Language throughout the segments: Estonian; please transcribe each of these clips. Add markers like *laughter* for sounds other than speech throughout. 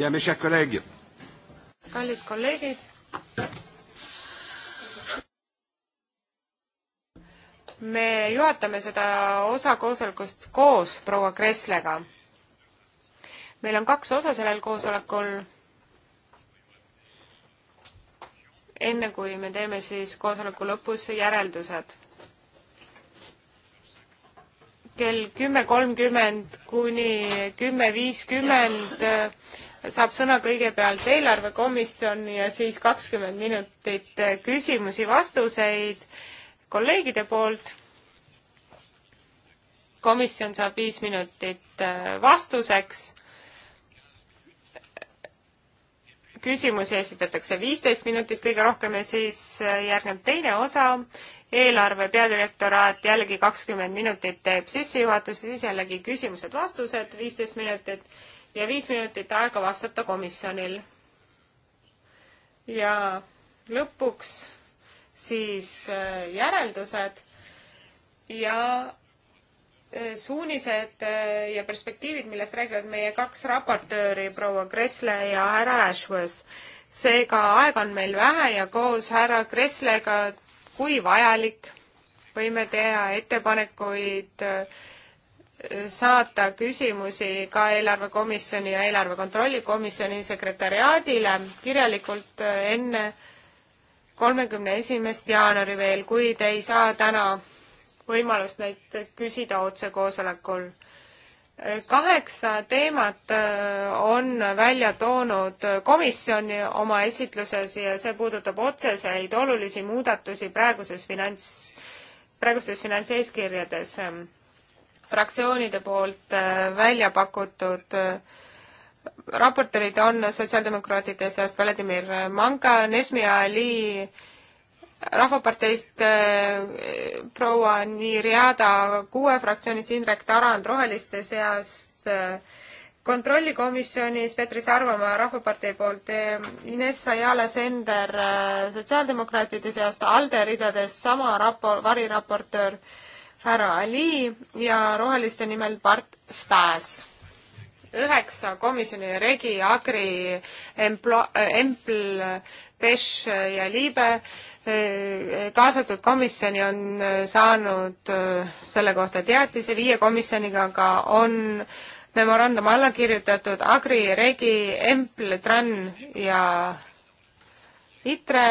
kallid kolleegid. me juhatame seda osa koosolekust koos proua Kresslega. meil on kaks osa sellel koosolekul. enne kui me teeme siis koosoleku lõpus järeldused kell kümme kolmkümmend kuni kümme viiskümmend saab sõna kõigepealt eelarvekomisjon ja siis kakskümmend minutit küsimusi-vastuseid kolleegide poolt. komisjon saab viis minutit äh, vastuseks. küsimusi esitatakse viisteist minutit kõige rohkem ja siis äh, järgneb teine osa. eelarve peadirektoraat jällegi kakskümmend minutit teeb sissejuhatuse, siis jällegi küsimused-vastused, viisteist minutit ja viis minutit aega vastata komisjonil. ja lõpuks siis äh, järeldused ja äh, suunised äh, ja perspektiivid, millest räägivad meie kaks raportööri, proua Kressle ja härra Ashworth. seega aega on meil vähe ja koos härra Kresslega, kui vajalik, võime teha ettepanekuid äh, saata küsimusi ka eelarvekomisjoni ja eelarve kontrolli komisjoni sekretariaadile kirjalikult äh, enne kolmekümne esimest jaanuari veel, kui te ei saa täna võimalust neid küsida otsekoosolekul. Äh, kaheksa teemat äh, on välja toonud komisjon oma esitluses ja see puudutab otseseid olulisi muudatusi praeguses finants, praegustes finantseeskirjades fraktsioonide poolt äh, välja pakutud äh, raportorid on sotsiaaldemokraatide seas Vladimir Manka, Nesmi Ali, Rahvaparteist äh, proua Niriada, kuue fraktsioonist Indrek Tarand, Roheliste seast kontrollikomisjonis Petri Sarvamaa Rahvapartei poolt, Ines Ajala Sender sotsiaaldemokraatide seast, ALDE ridades sama rapo-, variraportöör äh, härra Ali ja roheliste nimel Bart Stas. üheksa komisjoni regi, agri, empl-, empl, peš ja liibe eh, kaasatud komisjoni on eh, saanud eh, selle kohta teatise, viie komisjoniga ka on memorandum alla kirjutatud Agri, Regi, Empl, Tran ja ITRE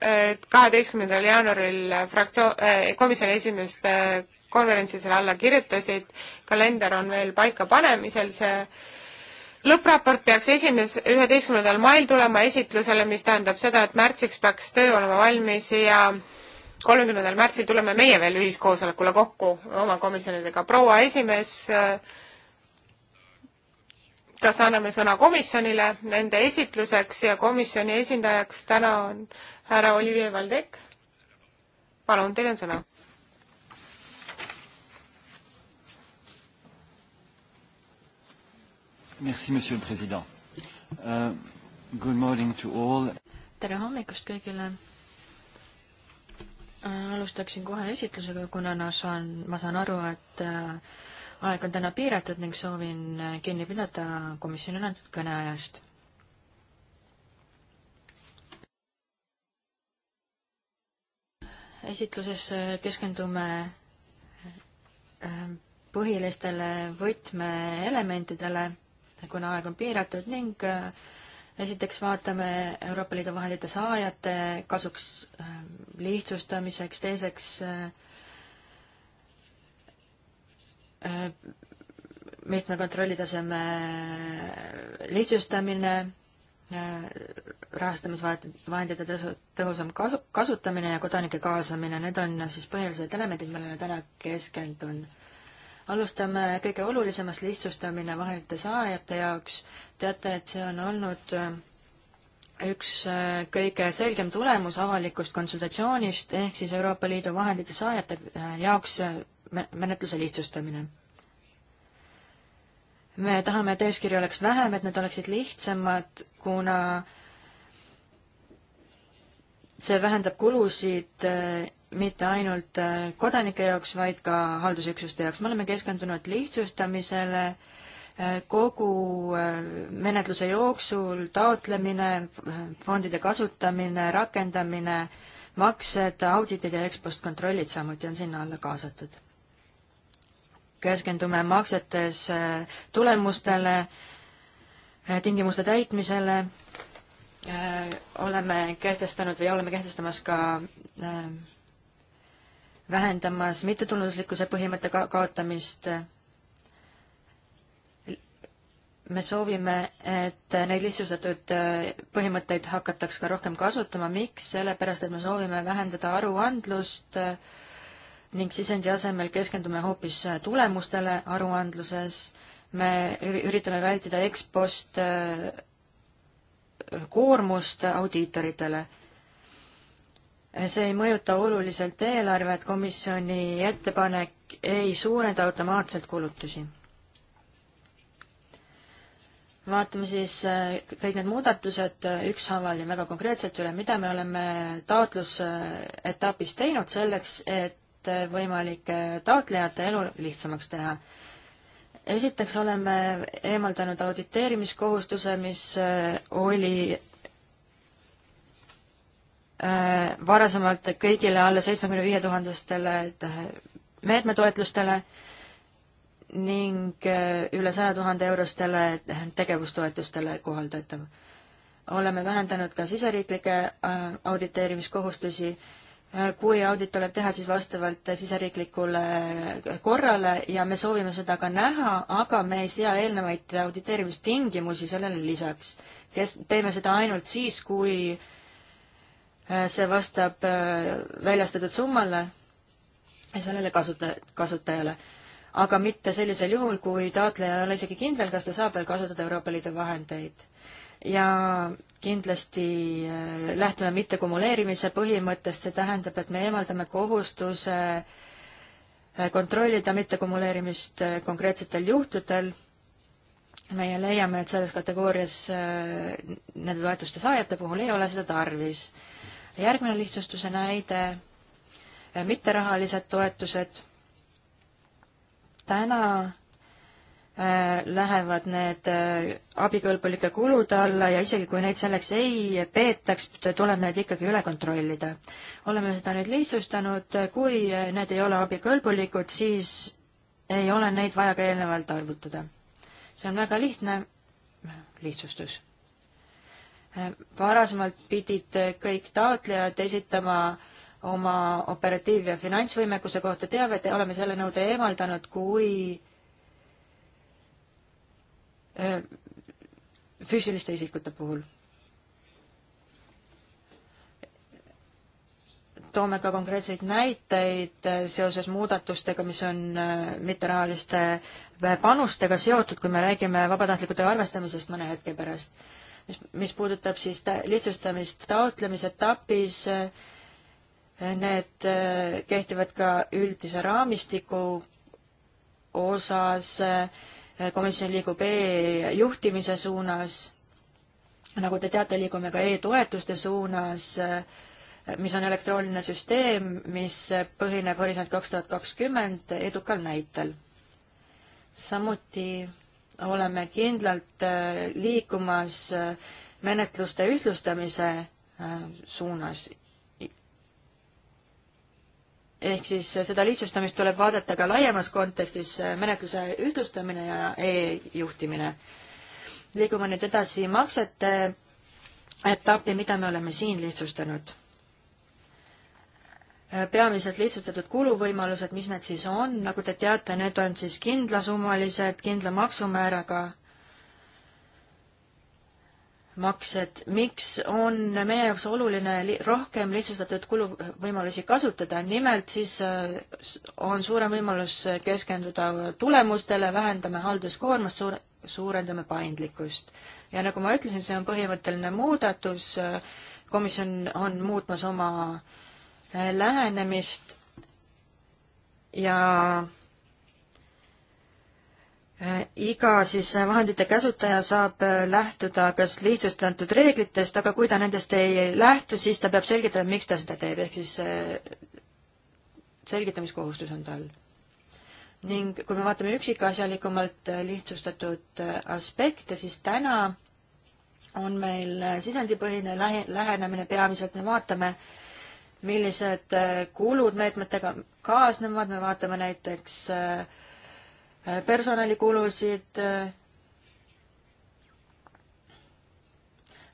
et kaheteistkümnendal jaanuaril fraktsioon, äh, komisjoni esimeeste äh, konverentsi selle alla kirjutasid, kalender on veel paika panemisel, see lõppraport peaks esimes-, üheteistkümnendal mail tulema esitlusele, mis tähendab seda, et märtsiks peaks töö olema valmis ja kolmekümnendal märtsil tuleme meie veel ühiskoosolekule kokku oma komisjonidega. proua esimees äh, kas anname sõna komisjonile nende esitluseks ja komisjoni esindajaks täna on härra Olivier Valdek. palun, teil on sõna. Merci, monsieur president uh,. Good morning to all. tere hommikust kõigile uh,. alustaksin kohe esitlusega, kuna ma saan, ma saan aru, et uh, aeg on täna piiratud ning soovin äh, kinni pidada komisjonile antud kõneajast. esitluses äh, keskendume äh, põhilistele võtmeelementidele, kuna aeg on piiratud ning esiteks vaatame Euroopa Liidu vahendite saajate kasuks lihtsustamiseks, teiseks äh, Äh, meetme kontrollitaseme äh, lihtsustamine, äh, rahastamisvahendite tõhusam kasu, kasutamine ja kodanike kaasamine, need on siis põhilised elemendid, millele täna keskendun. alustame kõige olulisemast, lihtsustamine vahendite saajate jaoks. teate, et see on olnud üks kõige selgem tulemus avalikust konsultatsioonist, ehk siis Euroopa Liidu vahendite saajate jaoks menetluse lihtsustamine. me tahame, et eeskirju oleks vähem, et need oleksid lihtsamad, kuna see vähendab kulusid eh, mitte ainult eh, kodanike jaoks, vaid ka haldusüksuste jaoks. me oleme keskendunud lihtsustamisele, eh, kogu menetluse jooksul taotlemine, fondide kasutamine, rakendamine, maksed, auditid ja ekspostkontrollid samuti on sinna alla kaasatud keskendume maksetes äh, tulemustele, äh, tingimuste täitmisele, äh, oleme kehtestanud või oleme kehtestamas ka vähendamas mittetulunduslikkuse põhimõtte ka-, kaotamist. me soovime, et neid lihtsustatud põhimõtteid hakataks ka rohkem kasutama, miks? sellepärast, et me soovime vähendada aruandlust äh, ning sisendi asemel keskendume hoopis äh, tulemustele aruandluses, me üritame vältida ekspost äh, koormust audiitoritele. see ei mõjuta oluliselt eelarvet, komisjoni ettepanek ei suurenda automaatselt kulutusi. vaatame siis äh, kõik need muudatused ükshaaval ja väga konkreetselt üle, mida me oleme taotlusetapis teinud selleks, et et võimalike taotlejate elu lihtsamaks teha. esiteks oleme eemaldanud auditeerimiskohustuse, mis äh, oli äh, varasemalt kõigile alla seitsmekümne viie tuhandestele äh, meetmetoetlustele ning üle saja tuhande eurostele tegevustoetustele kohaldatav. oleme vähendanud ka siseriiklikke auditeerimiskohustusi Äh, kui audit tuleb teha siis vastavalt siseriiklikule korrale ja me soovime seda ka näha, aga me ei sea eelnevaid auditeerimistingimusi sellele lisaks. kes, teeme seda ainult siis, kui äh, see vastab äh, väljastatud summale ja sellele kasuta-, kasutajale. aga mitte sellisel juhul, kui taotleja ei ole isegi kindel, kas ta saab veel kasutada Euroopa Liidu vahendeid ja kindlasti äh, lähtume mittekumuleerimise põhimõttest, see tähendab, et me eemaldame kohustuse äh, kontrollida mittekumuleerimist äh, konkreetsetel juhtudel. meie leiame, et selles kategoorias nende toetuste saajate puhul ei ole seda tarvis. järgmine lihtsustuse näide, mitterahalised toetused. täna Äh, lähevad need äh, abikõlbulike kulude alla ja isegi kui neid selleks ei peetaks, tuleb need ikkagi üle kontrollida. oleme seda nüüd lihtsustanud, kui äh, need ei ole abikõlbulikud, siis ei ole neid vaja ka eelnevalt arvutada. see on väga lihtne lihtsustus. varasemalt pidid kõik taotlejad esitama oma operatiiv- ja finantsvõimekuse kohta teavet ja oleme selle nõude eemaldanud, kui Äh, füüsiliste isikute puhul. toome ka konkreetseid näiteid äh, seoses muudatustega, mis on äh, mitterahaliste panustega seotud, kui me räägime vabatahtliku töö arvestamisest mõne hetke pärast. mis, mis puudutab siis ta, lihtsustamist taotlemisetapis, need kehtivad ka üldise raamistiku osas äh, komisjon liigub e-juhtimise suunas, nagu te teate, liigume ka e-toetuste suunas, mis on elektrooniline süsteem, mis põhineb Horisont kaks tuhat kakskümmend edukal näitel. samuti oleme kindlalt liikumas menetluste ühtlustamise suunas ehk siis seda lihtsustamist tuleb vaadata ka laiemas kontekstis, menetluse ühtlustamine ja e-juhtimine. liigume nüüd edasi maksete etappi, mida me oleme siin lihtsustanud. peamiselt lihtsustatud kuluvõimalused, mis need siis on, nagu te teate, need on siis kindlasumalised, kindla maksumääraga maksed, miks on meie jaoks oluline li rohkem lihtsustatud kuluvõimalusi kasutada, nimelt siis äh, on suurem võimalus keskenduda tulemustele, vähendame halduskoormust, suur-, suurendame paindlikkust. ja nagu ma ütlesin, see on põhimõtteline muudatus, komisjon on muutmas oma äh, lähenemist ja Äh, iga siis äh, vahendite käsutaja saab äh, lähtuda kas lihtsustatud reeglitest, aga kui ta nendest ei lähtu, siis ta peab selgitama, miks ta seda teeb, ehk siis selgitamiskohustus on tal. ning kui me vaatame üksikasjalikumalt lihtsustatud aspekte, siis täna on meil sisendipõhine lähe, lähenemine, peamiselt me vaatame, millised kulud meetmetega kaasnevad, me vaatame näiteks äh, personalikulusid,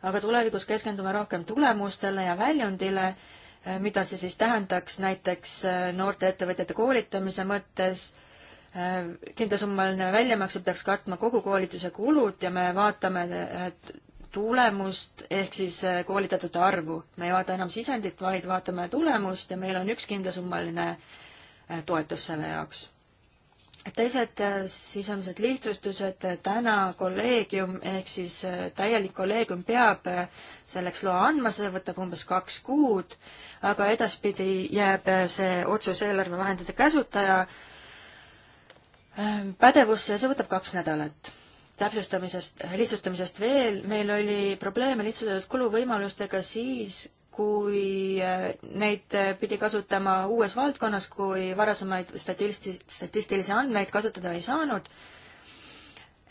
aga tulevikus keskendume rohkem tulemustele ja väljundile, mida see siis tähendaks näiteks äh, noorte ettevõtjate koolitamise mõttes, äh, kindlasummaline väljamakse peaks katma kogu koolituse kulud ja me vaatame äh, tulemust ehk siis koolitatute arvu. me ei vaata enam sisendit, vaid vaatame tulemust ja meil on üks kindlasummaline toetus selle jaoks teised äh, sisemised lihtsustused, äh, täna kolleegium ehk siis äh, täielik kolleegium peab selleks loa andma, see võtab umbes kaks kuud, aga edaspidi jääb see otsus eelarvevahendite käsutaja ähm, pädevusse ja see võtab kaks nädalat. täpsustamisest, lihtsustamisest veel, meil oli probleeme lihtsustatud kuluvõimalustega siis, kui äh, neid äh, pidi kasutama uues valdkonnas, kui varasemaid statistilisi, statistilisi andmeid kasutada ei saanud.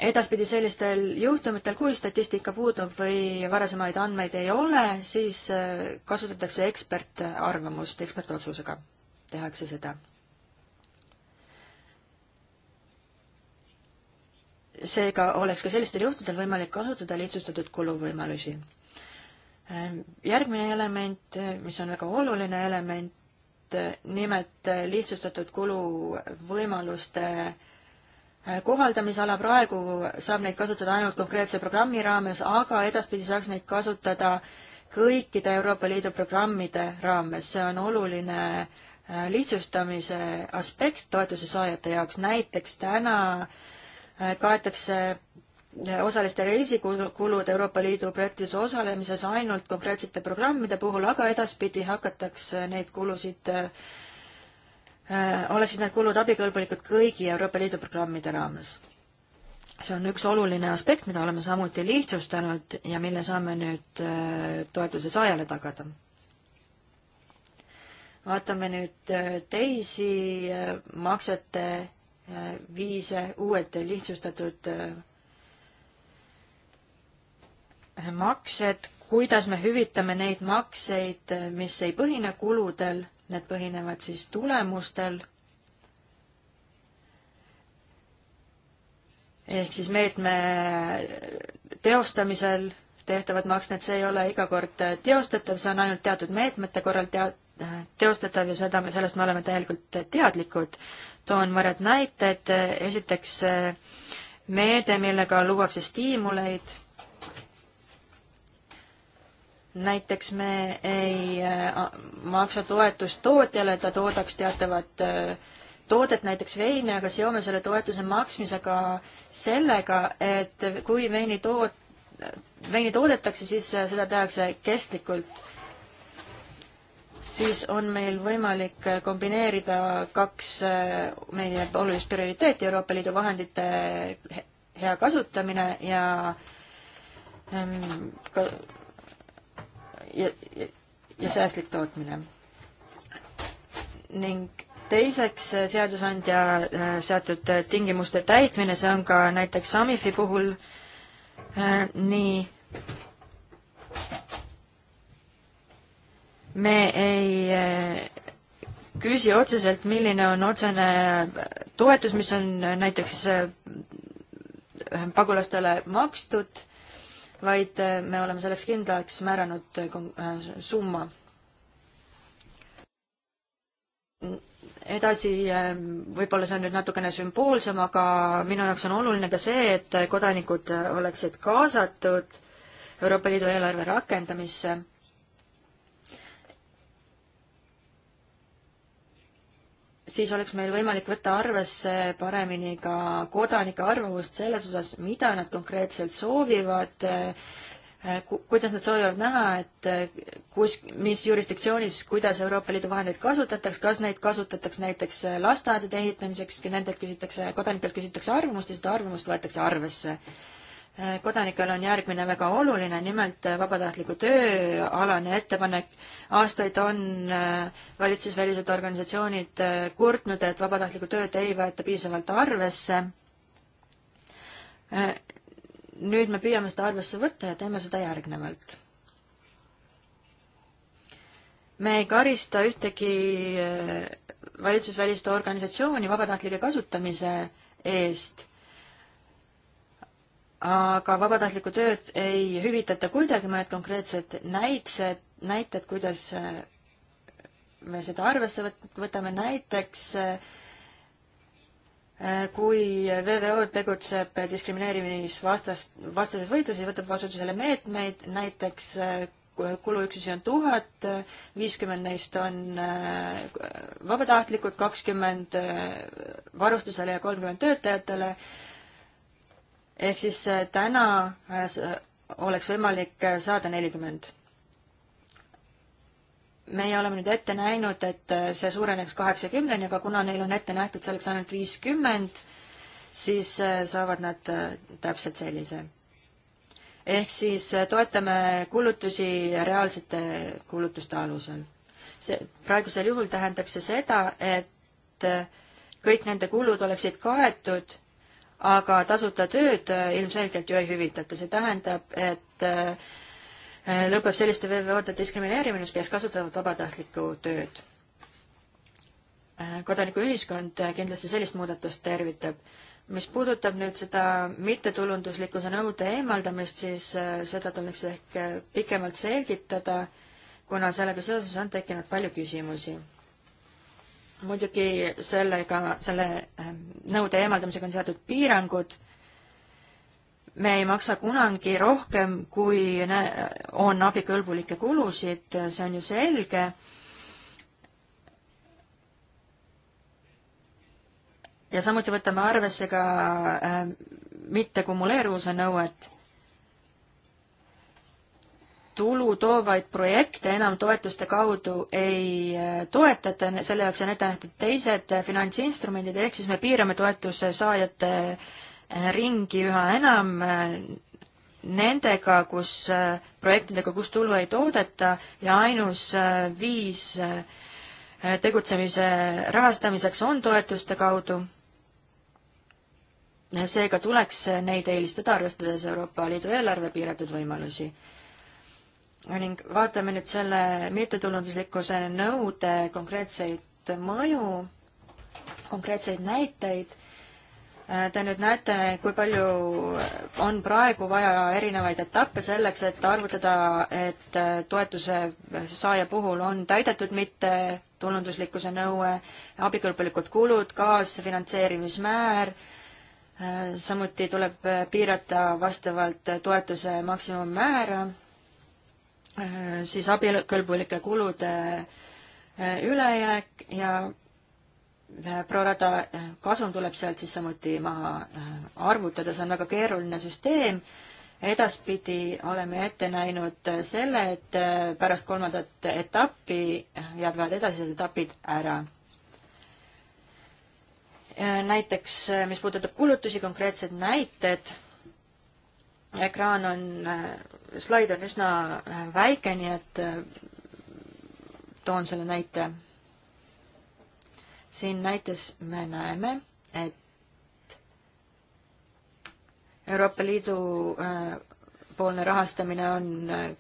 edaspidi sellistel juhtumitel, kui statistika puudub või varasemaid andmeid ei ole, siis äh, kasutatakse ekspertarvamust, ekspertotsusega tehakse seda seega oleks ka sellistel juhtudel võimalik kasutada lihtsustatud kuluvõimalusi. Ähm, järgmine element, äh, mis on väga oluline element, äh, nimelt äh, lihtsustatud kuluvõimaluste kohaldamisala, praegu saab neid kasutada ainult konkreetse programmi raames, aga edaspidi saaks neid kasutada kõikide Euroopa Liidu programmide raames, see on oluline lihtsustamise aspekt toetuse saajate jaoks, näiteks täna kaetakse osaliste reisikulud Euroopa Liidu projektis osalemises ainult konkreetsete programmide puhul, aga edaspidi hakatakse neid kulusid, äh, oleksid need kulud abikõlbulikud kõigi Euroopa Liidu programmide raames. see on üks oluline aspekt, mida oleme samuti lihtsustanud ja mille saame nüüd äh, toetuse saajale tagada vaatame nüüd äh, teisi maksete viise, uued lihtsustatud maksed, kuidas me hüvitame neid makseid, mis ei põhine kuludel, need põhinevad siis tulemustel. ehk siis meetme teostamisel tehtavad maksed, see ei ole iga kord teostatav, see on ainult teatud meetmete korral tea-, teostatav ja seda, sellest me oleme täielikult teadlikud. toon mõned näited, esiteks meede, millega luuakse stiimuleid näiteks me ei äh, maksa toetust tootjale, et ta toodaks teatavat äh, toodet, näiteks veine, aga seome selle toetuse maksmisega sellega, et kui veini toot-, veini toodetakse, siis äh, seda tehakse kestlikult. siis on meil võimalik kombineerida kaks meie olulist prioriteeti, Euroopa Liidu vahendite hea kasutamine ja ähm, ka ja, ja, ja säästlik tootmine. ning teiseks äh, seadusandja äh, seatud äh, tingimuste täitmine, see on ka näiteks Samifi puhul äh, nii. me ei äh, küsi otseselt, milline on otsene toetus, mis on näiteks pagulastele makstud vaid äh, me oleme selleks kindlaks määranud äh, äh, summa. edasi, võib-olla see on nüüd natukene sümboolsem, aga minu jaoks on oluline ka see, et kodanikud oleksid kaasatud Euroopa Liidu eelarve rakendamisse siis oleks meil võimalik võtta arvesse paremini ka kodanike arvamust selles osas, mida nad konkreetselt soovivad, eh, kuidas nad soovivad näha, et eh, kus, mis jurisdiktsioonis, kuidas Euroopa Liidu vahendeid kasutatakse, kas neid kasutatakse näiteks lasteaedade ehitamiseks, nendelt küsitakse, kodanikelt küsitakse arvamust ja seda arvamust võetakse arvesse Äh, kodanikel on järgmine väga oluline, nimelt äh, vabatahtliku töö alane ettepanek. aastaid on äh, valitsusvälised organisatsioonid kurtnud, et vabatahtlikku tööd ei võeta piisavalt arvesse. nüüd me püüame seda arvesse võtta ja teeme seda järgnevalt. me ei karista ühtegi valitsusvälist organisatsiooni vabatahtlike kasutamise eest aga vabatahtlikku tööd ei hüvitata kuidagi, mõned konkreetsed näitsed, näited, kuidas äh, me seda arvesse võtame, näiteks äh, kui VVO tegutseb diskrimineerimisvastast, vastases võitluses ja võtab vastutusele meetmeid, näiteks äh, kuluüksusi on tuhat, viiskümmend neist on vabatahtlikud, kakskümmend varustusele ja kolmkümmend töötajatele ehk siis äh, täna äh, oleks võimalik äh, saada nelikümmend. meie oleme nüüd ette näinud, et see suureneks kaheksakümneni, aga kuna neil on ette nähtud selleks ainult viiskümmend, siis saavad nad täpselt sellise. ehk siis toetame kulutusi reaalsete kulutuste alusel. see, praegusel juhul tähendaks see seda, et kõik nende kulud oleksid kaetud aga tasuta tööd äh, ilmselgelt ju ei hüvitata, see tähendab, et äh, äh, lõpeb selliste VVO-de diskrimineerimine, kes kasutavad vabatahtlikku tööd. kodanikuühiskond kindlasti sellist muudatust tervitab mis puudutab nüüd seda mittetulunduslikkuse nõude eemaldamist, siis seda tuleks ehk pikemalt selgitada, kuna sellega seoses on tekkinud palju küsimusi muidugi sellega, selle ähm, nõude eemaldamisega on seatud piirangud, me ei maksa kunagi rohkem, kui on abikõlbulikke kulusid, see on ju selge. ja samuti võtame arvesse ka ähm, mittekumuleeruvuse nõuet tulu toovaid projekte enam toetuste kaudu ei äh, toetata, selle jaoks on ette nähtud teised äh, finantsinstrumendid, ehk siis me piirame toetuse saajate äh, ringi üha enam nendega, kus, projektidega, kus tulu ei toodeta ja ainus viis tegutsemise rahastamiseks on toetuste kaudu. seega tuleks neid eelistada, arvestades Euroopa Liidu eelarve piiratud võimalusi ning vaatame nüüd selle mittetulunduslikkuse nõude konkreetseid mõju, konkreetseid näiteid. Te nüüd näete, kui palju on praegu vaja erinevaid etappe selleks, et arvutada, et toetuse saaja puhul on täidetud mittetulunduslikkuse nõue, abikõlbulikud kulud, kaasfinantseerimismäär samuti tuleb piirata vastavalt toetuse maksimummäära Äh, siis abikõlbulike kulude äh, ülejääk ja äh, prorata kasum tuleb sealt siis samuti maha arvutada, see on väga keeruline süsteem. edaspidi oleme ette näinud selle, et pärast kolmandat etappi jäävad edasised etapid ära. näiteks, mis puudutab kulutusi, konkreetsed näited ekraan on slaid on üsna äh, väike, nii et äh, toon selle näite. siin näites me näeme, et Euroopa Liidu äh, poolne rahastamine on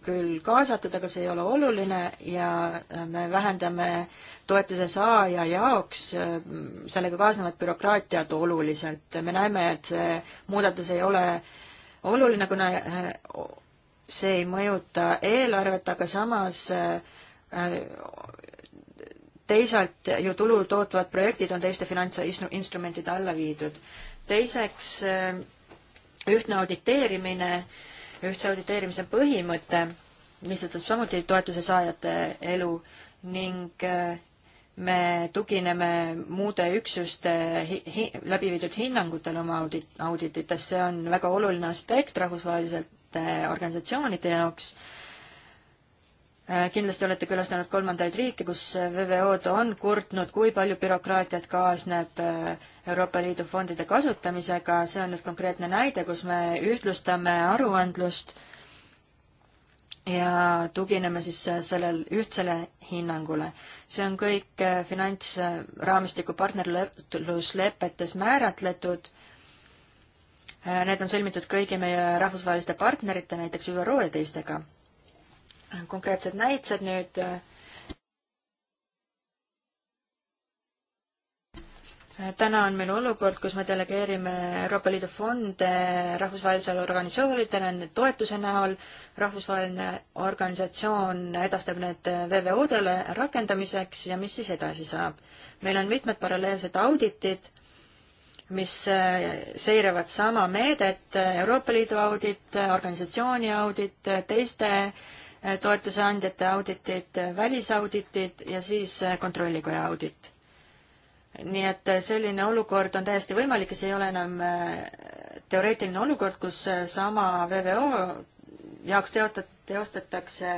küll kaasatud, aga see ei ole oluline ja me vähendame toetuse saaja jaoks sellega kaasnevat bürokraatiat oluliselt. me näeme, et see muudatus ei ole oluline, kuna see ei mõjuta eelarvet, aga samas äh, teisalt ju tulu tootvad projektid on teiste finantsinstrumentide alla viidud. teiseks, äh, ühtne auditeerimine, ühtse auditeerimise põhimõte lihtsustab samuti toetuse saajate elu ning äh, me tugineme muude üksuste hi hi läbi viidud hinnangutel oma audit, auditites, see on väga oluline aspekt rahvusvaheliste äh, organisatsioonide jaoks. Äh, kindlasti olete külastanud kolmandaid riike, kus VVO-d on kurtnud, kui palju bürokraatiat kaasneb äh, Euroopa Liidu fondide kasutamisega, see on nüüd konkreetne näide, kus me ühtlustame aruandlust ja tugineme siis sellel ühtsele hinnangule. see on kõik äh, finantsraamistiku partnerluslepetes määratletud. Äh, need on sõlmitud kõigi meie rahvusvaheliste partnerite, näiteks ÜRO ja teistega. konkreetsed näited nüüd äh, täna on meil olukord, kus me delegeerime Euroopa Liidu fonde rahvusvahelisele organisatsioonidele nende toetuse näol, rahvusvaheline organisatsioon edastab need VVO-dele rakendamiseks ja mis siis edasi saab. meil on mitmed paralleelsed auditid, mis äh, seiravad sama meedet, Euroopa Liidu audit, organisatsiooni audit, teiste äh, toetuse andjate auditid, välisauditid ja siis äh, Kontrollikoja audit nii et äh, selline olukord on täiesti võimalik ja see ei ole enam äh, teoreetiline olukord, kus äh, sama VVO jaoks teotat-, teostatakse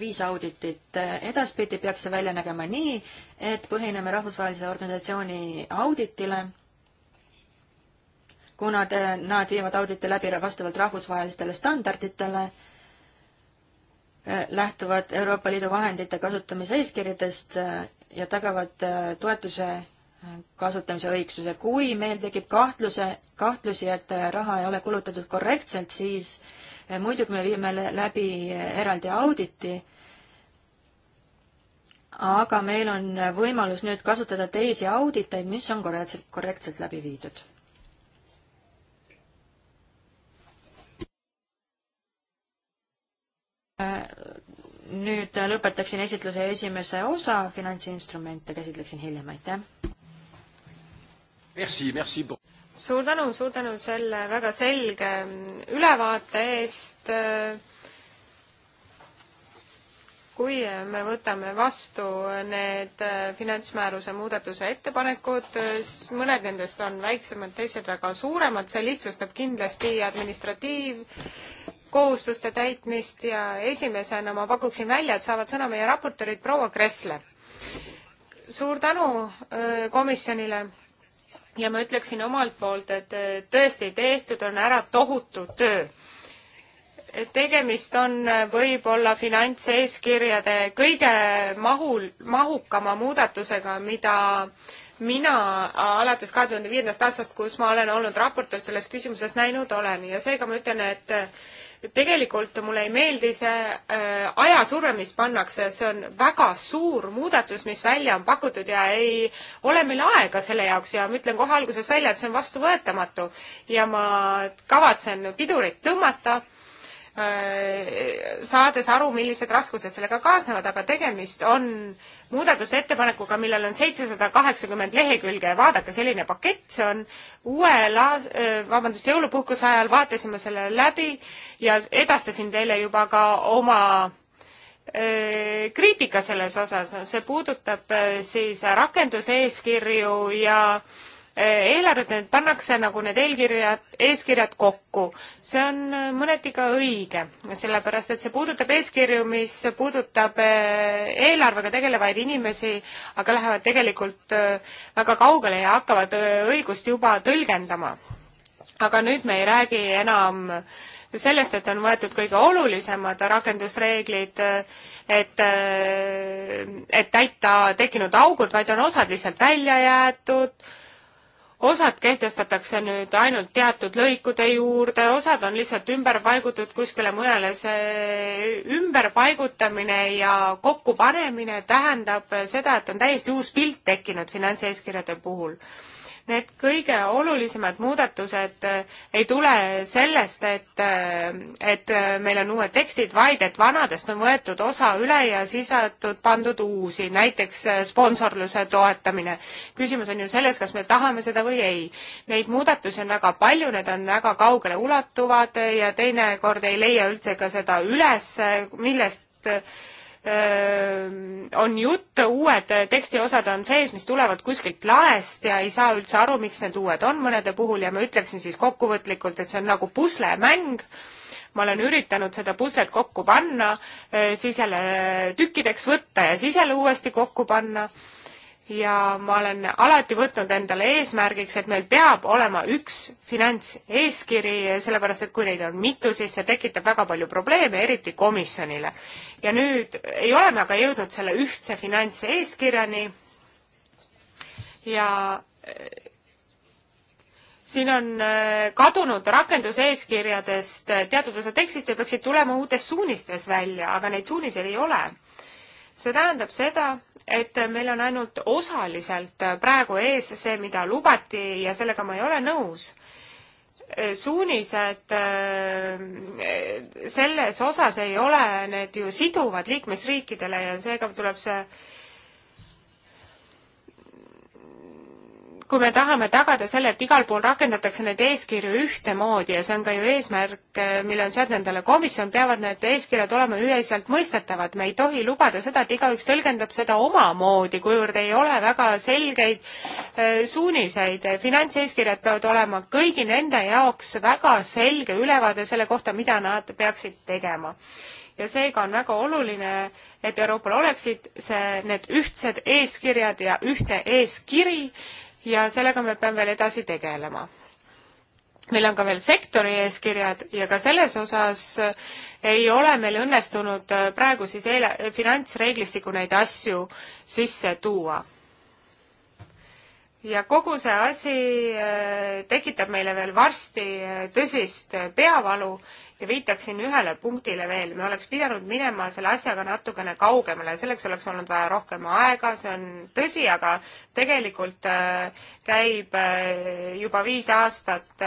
viis auditit. edaspidi peaks see välja nägema nii, et põhineme rahvusvahelise organisatsiooni auditile, kuna te, nad viivad auditi läbi vastavalt rahvusvahelistele standarditele, lähtuvad Euroopa Liidu vahendite kasutamise eeskirjadest ja tagavad toetuse kasutamise õigsuse. kui meil tekib kahtluse, kahtlusi, et raha ei ole kulutatud korrektselt, siis eh, muidugi me viime läbi eraldi auditi, aga meil on võimalus nüüd kasutada teisi auditeid, mis on korrektselt, korrektselt läbi viidud. Eh, nüüd lõpetaksin esitluse esimese osa, finantsinstrumente käsitleksin hiljem, aitäh! Merci, merci. suur tänu, suur tänu selle väga selge ülevaate eest. kui me võtame vastu need finantsmääruse muudatuse ettepanekud, mõned nendest on väiksemad, teised väga suuremad, see lihtsustab kindlasti administratiiv kohustuste täitmist ja esimesena ma pakuksin välja, et saavad sõna meie raportöörid proua Kressle. suur tänu äh, komisjonile ja ma ütleksin omalt poolt, et eh, tõesti tehtud on ära tohutu töö. tegemist on eh, võib-olla finantseeskirjade kõige mahul, mahukama muudatusega, mida mina alates kahe tuhande viiendast aastast, kus ma olen olnud raportöör selles küsimuses, näinud olen ja seega ma ütlen, et tegelikult mulle ei meeldi see äh, ajasurve, mis pannakse, see on väga suur muudatus, mis välja on pakutud ja ei ole meil aega selle jaoks ja ma ütlen kohe alguses välja, et see on vastuvõetamatu. ja ma kavatsen pidurit tõmmata Äh, saades aru, millised raskused sellega kaasnevad, aga tegemist on muudatusettepanekuga, millel on seitsesada kaheksakümmend lehekülge ja vaadake, selline pakett see on. uuel aas-, äh, vabandust, jõulupuhkuse ajal vaatasime selle läbi ja edastasin teile juba ka oma äh, kriitika selles osas, see puudutab siis rakenduseeskirju ja äh, Eh, eelarved, need pannakse nagu need eelkirjad, eeskirjad kokku. see on eh, mõneti ka õige, sellepärast et see puudutab eeskirju, mis puudutab eh, eelarvega tegelevaid inimesi, aga lähevad tegelikult väga kaugele ja hakkavad õigust juba tõlgendama. aga nüüd me ei räägi enam sellest, et on võetud kõige olulisemad rakendusreeglid, et, et täita tekkinud augud, vaid on osad lihtsalt välja jäetud osad kehtestatakse nüüd ainult teatud lõikude juurde, osad on lihtsalt ümber paigutud kuskile mujale, see ümberpaigutamine ja kokkupanemine tähendab seda, et on täiesti uus pilt tekkinud finantseeskirjade puhul Need kõige olulisemad muudatused äh, ei tule sellest, et, äh, et äh, meil on uued tekstid, vaid et vanadest on võetud osa üle ja sisatud, pandud uusi, näiteks sponsorluse toetamine. küsimus on ju selles, kas me tahame seda või ei. Neid muudatusi on väga palju, need on väga kaugele ulatuvad ja teinekord ei leia üldse ka seda üles, millest on jutt, uued tekstiosad on sees, mis tulevad kuskilt laest ja ei saa üldse aru, miks need uued on mõnede puhul ja ma ütleksin siis kokkuvõtlikult, et see on nagu puslemäng. ma olen üritanud seda puslet kokku panna, siis jälle tükkideks võtta ja siis jälle uuesti kokku panna ja ma olen alati võtnud endale eesmärgiks, et meil peab olema üks finantseeskiri, sellepärast et kui neid on mitu, siis see tekitab väga palju probleeme, eriti komisjonile. ja nüüd ei ole me aga jõudnud selle ühtse finantseeskirjani ja eh, siin on eh, kadunud rakenduseeskirjadest eh, teatud osa tekstist ja peaksid tulema uutes suunistes välja, aga neid suuniseid ei ole see tähendab seda, et meil on ainult osaliselt praegu ees see, mida lubati ja sellega ma ei ole nõus suunised äh, selles osas ei ole need ju siduvad liikmesriikidele ja seega tuleb see kui me tahame tagada selle, et igal pool rakendatakse neid eeskirju ühtemoodi ja see on ka ju eesmärk, eh, mille on seadnud endale komisjon, peavad need eeskirjad olema üheselt mõistetavad. me ei tohi lubada seda, et igaüks tõlgendab seda omamoodi, kuivõrd ei ole väga selgeid eh, suuniseid. finantseeskirjad peavad olema kõigi nende jaoks väga selge ülevaade selle kohta, mida nad peaksid tegema ja seega on väga oluline, et Euroopal oleksid see, need ühtsed eeskirjad ja ühtne eeskiri äh, ja sellega me peame veel edasi tegelema meil on ka veel sektori eeskirjad ja ka selles osas eh, ei ole meil õnnestunud eh, praegu siis eile, finantsreeglistiku neid asju sisse tuua ja kogu see asi äh, tekitab meile veel varsti äh, tõsist äh, peavalu ja viitaksin ühele punktile veel, me oleks pidanud minema selle asjaga natukene kaugemale, selleks oleks olnud vaja rohkem aega, see on tõsi, aga tegelikult käib juba viis aastat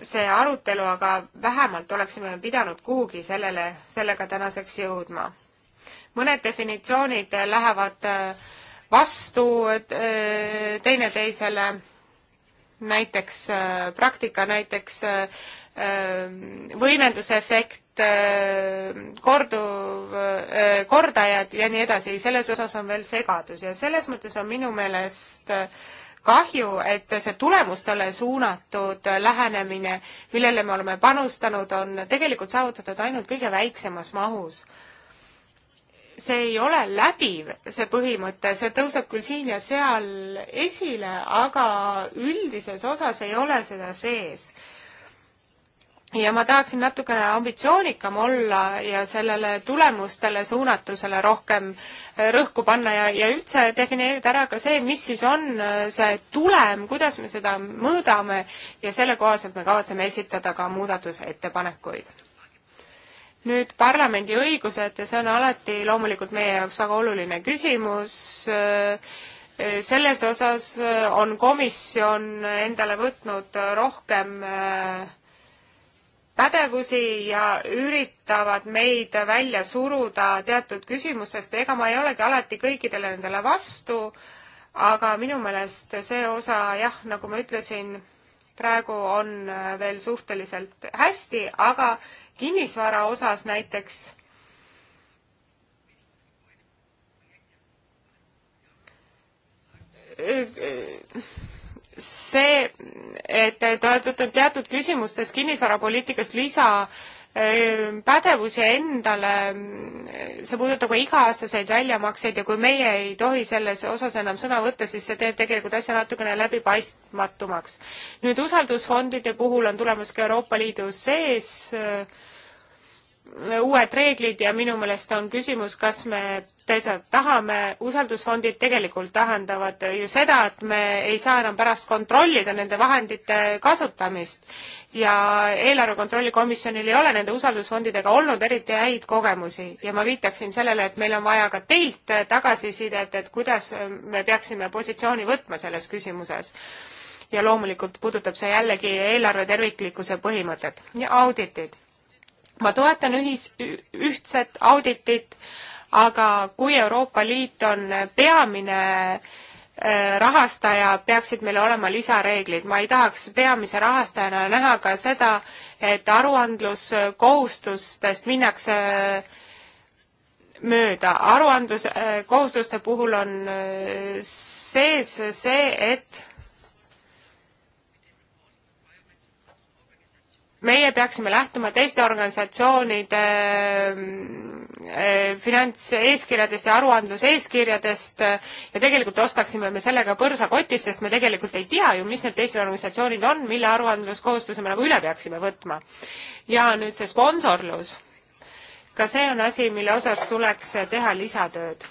see arutelu, aga vähemalt oleksime pidanud kuhugi sellele, sellega tänaseks jõudma. mõned definitsioonid lähevad äh, vastu äh, teineteisele, näiteks äh, praktika, näiteks äh, võimendusefekt, korduv, kordajad ja nii edasi, selles osas on veel segadus ja selles mõttes on minu meelest kahju, et see tulemustele suunatud lähenemine, millele me oleme panustanud, on tegelikult saavutatud ainult kõige väiksemas mahus see ei ole läbiv, see põhimõte, see tõuseb küll siin ja seal esile, aga üldises osas ei ole seda sees. ja ma tahaksin natukene ambitsioonikam olla ja sellele tulemustele suunatusele rohkem eh, rõhku panna ja, ja üldse defineerida ära ka see, mis siis on eh, see tulem, kuidas me seda mõõdame ja selle kohaselt me kavatseme esitada ka muudatusettepanekuid nüüd parlamendi õigused ja see on alati loomulikult meie jaoks väga oluline küsimus, äh, äh, selles osas äh, on komisjon endale võtnud rohkem pädevusi ja üritavad meid välja suruda teatud küsimustest, ega ma ei olegi alati kõikidele nendele vastu, aga minu meelest see osa jah, nagu ma ütlesin, praegu on äh, veel suhteliselt hästi, aga kinnisvara osas näiteks see, et teatud, teatud küsimustes kinnisvarapoliitikas lisa Äh, pädevusi endale, see puudutab ka iga-aastaseid väljamakseid ja kui meie ei tohi selles osas enam sõna võtta, siis see teeb tegelikult asja natukene läbipaistmatumaks. nüüd usaldusfondide puhul on tulemas ka Euroopa Liidu sees äh, uued reeglid ja minu meelest on küsimus, kas me teda tahame, usaldusfondid tegelikult tähendavad ju seda, et me ei saa enam pärast kontrollida nende vahendite kasutamist. ja eelarve kontrolli komisjonil ei ole nende usaldusfondidega olnud eriti häid kogemusi ja ma viitaksin sellele, et meil on vaja ka teilt tagasisidet, et kuidas me peaksime positsiooni võtma selles küsimuses ja loomulikult puudutab see jällegi eelarve terviklikkuse põhimõtet ja auditid ma toetan ühis, ühtset auditit, aga kui Euroopa Liit on peamine äh, rahastaja, peaksid meil olema lisareeglid. ma ei tahaks peamise rahastajana näha ka seda, et aruandluskohustustest minnakse äh, mööda. aruandluskohustuste äh, puhul on sees see, et meie peaksime lähtuma teiste organisatsioonide ähm, äh, finantseeskirjadest ja aruandluseeskirjadest äh, ja tegelikult ostaksime me sellega põrsakotis, sest me tegelikult ei tea ju, mis need teised organisatsioonid on, mille aruandluskohustuse me nagu üle peaksime võtma. ja nüüd see sponsorlus, ka see on asi, mille osas tuleks teha lisatööd.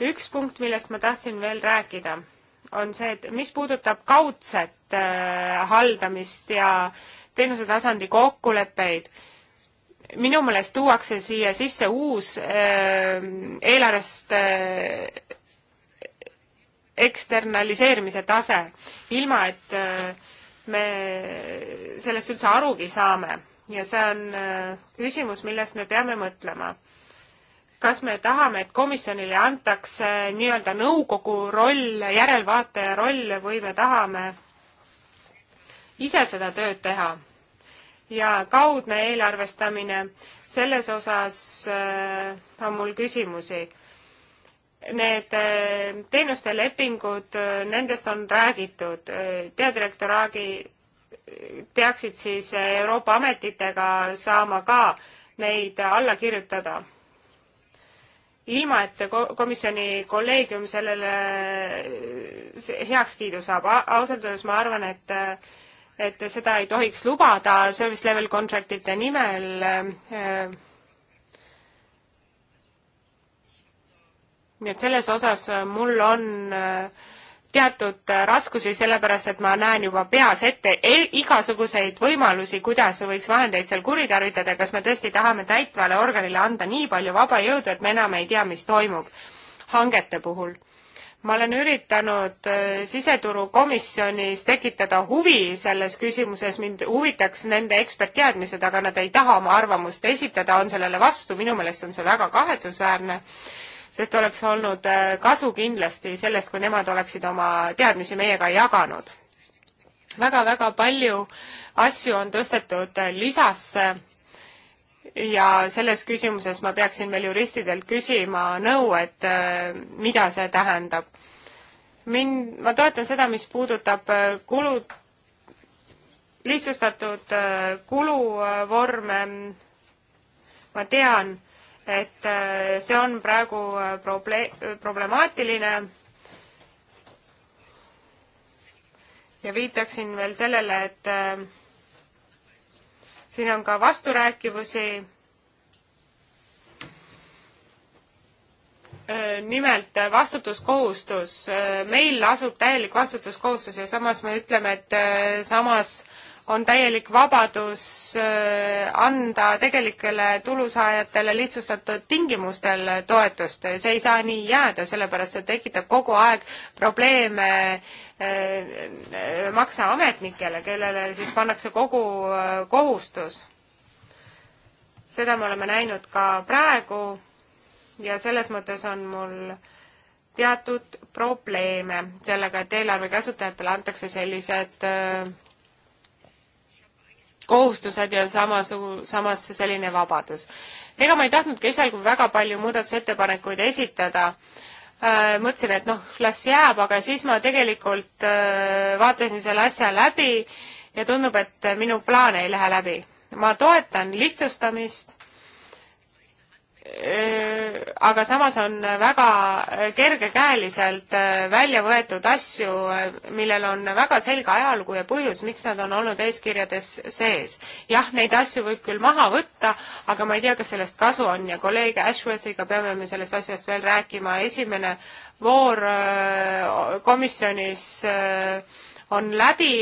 üks punkt, millest ma tahtsin veel rääkida on see, et mis puudutab kaudset äh, haldamist ja teenuse tasandi kokkuleppeid, minu meelest tuuakse siia sisse uus äh, eelarvest äh, eksternaliseerimise tase, ilma et me sellest üldse arugi saame ja see on küsimus, millest me peame mõtlema kas me tahame, et komisjonile antakse nii-öelda nõukogu roll, järelvaataja roll või me tahame ise seda tööd teha? ja kaudne eelarvestamine, selles osas äh, on mul küsimusi need äh, teenuste lepingud, äh, nendest on räägitud, peadirektoraagi peaksid siis Euroopa ametitega saama ka neid alla kirjutada ilma, et komisjoni kolleegium sellele heakskiidu saab. ausalt öeldes ma arvan, et et seda ei tohiks lubada service level contract'ite nimel äh, nii et selles osas mul on äh, teatud äh, raskusi, sellepärast et ma näen juba peas ette e igasuguseid võimalusi, kuidas võiks vahendeid seal kuritarvitada, kas me tõesti tahame täitvale organile anda nii palju vaba jõudu, et me enam ei tea, mis toimub hangete puhul ma olen üritanud äh, siseturukomisjonis tekitada huvi selles küsimuses, mind huvitaks nende ekspertteadmised, aga nad ei taha oma arvamust esitada, on sellele vastu, minu meelest on see väga kahetsusväärne sest oleks olnud äh, kasu kindlasti sellest, kui nemad oleksid oma teadmisi meiega jaganud väga,. väga-väga palju asju on tõstetud äh, lisasse ja selles küsimuses ma peaksin veel juristidelt küsima nõu, et äh, mida see tähendab. mind, ma toetan seda, mis puudutab kulud, lihtsustatud kuluvorme. ma tean, et äh, see on praegu äh, proble-, problemaatiline ja viitaksin veel sellele, et äh, siin on ka vasturääkivusi. nimelt vastutuskohustus, meil asub täielik vastutuskohustus ja samas me ütleme, et samas on täielik vabadus äh, anda tegelikele tulusaajatele lihtsustatud tingimustel toetust. see ei saa nii jääda, sellepärast see tekitab kogu aeg probleeme äh, äh, makseametnikele, kellele siis pannakse kogu kohustus. seda me oleme näinud ka praegu ja selles mõttes on mul teatud probleeme sellega, et eelarve kasutajatele antakse sellised äh, kohustused ja samasu-, samas selline vabadus. ega ma ei tahtnudki esialgu väga palju muudatusettepanekuid esitada, äh, mõtlesin, et noh, las jääb, aga siis ma tegelikult äh, vaatasin selle asja läbi ja tundub, et minu plaan ei lähe läbi. ma toetan lihtsustamist Äh, aga samas on väga kergekäeliselt äh, välja võetud asju, äh, millel on väga selge ajalugu ja põhjus, miks nad on olnud eeskirjades sees. jah, neid asju võib küll maha võtta, aga ma ei tea, kas sellest kasu on ja kolleeg Ashworthiga peame me sellest asjast veel rääkima. esimene voor komisjonis on läbi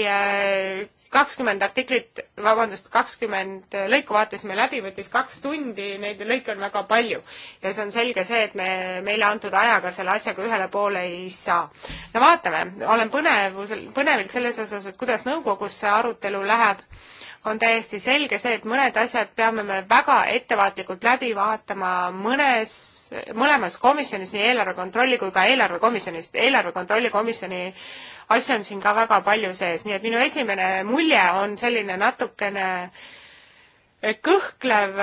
kakskümmend artiklit, vabandust, kakskümmend lõiku vaatasime läbi, võttis kaks tundi, neid lõike on väga palju. ja see on selge see, et me, meile antud ajaga selle asjaga ühele poole ei saa. no vaatame, olen põnevusel, põnevil selles osas, et kuidas nõukogus see arutelu läheb on täiesti selge see, et mõned asjad peame me väga ettevaatlikult läbi vaatama mõnes, mõlemas komisjonis, nii eelarve kontrolli kui ka eelarvekomisjonist. eelarve kontrolli komisjoni asju on siin ka väga palju sees, nii et minu esimene mulje on selline natukene kõhklev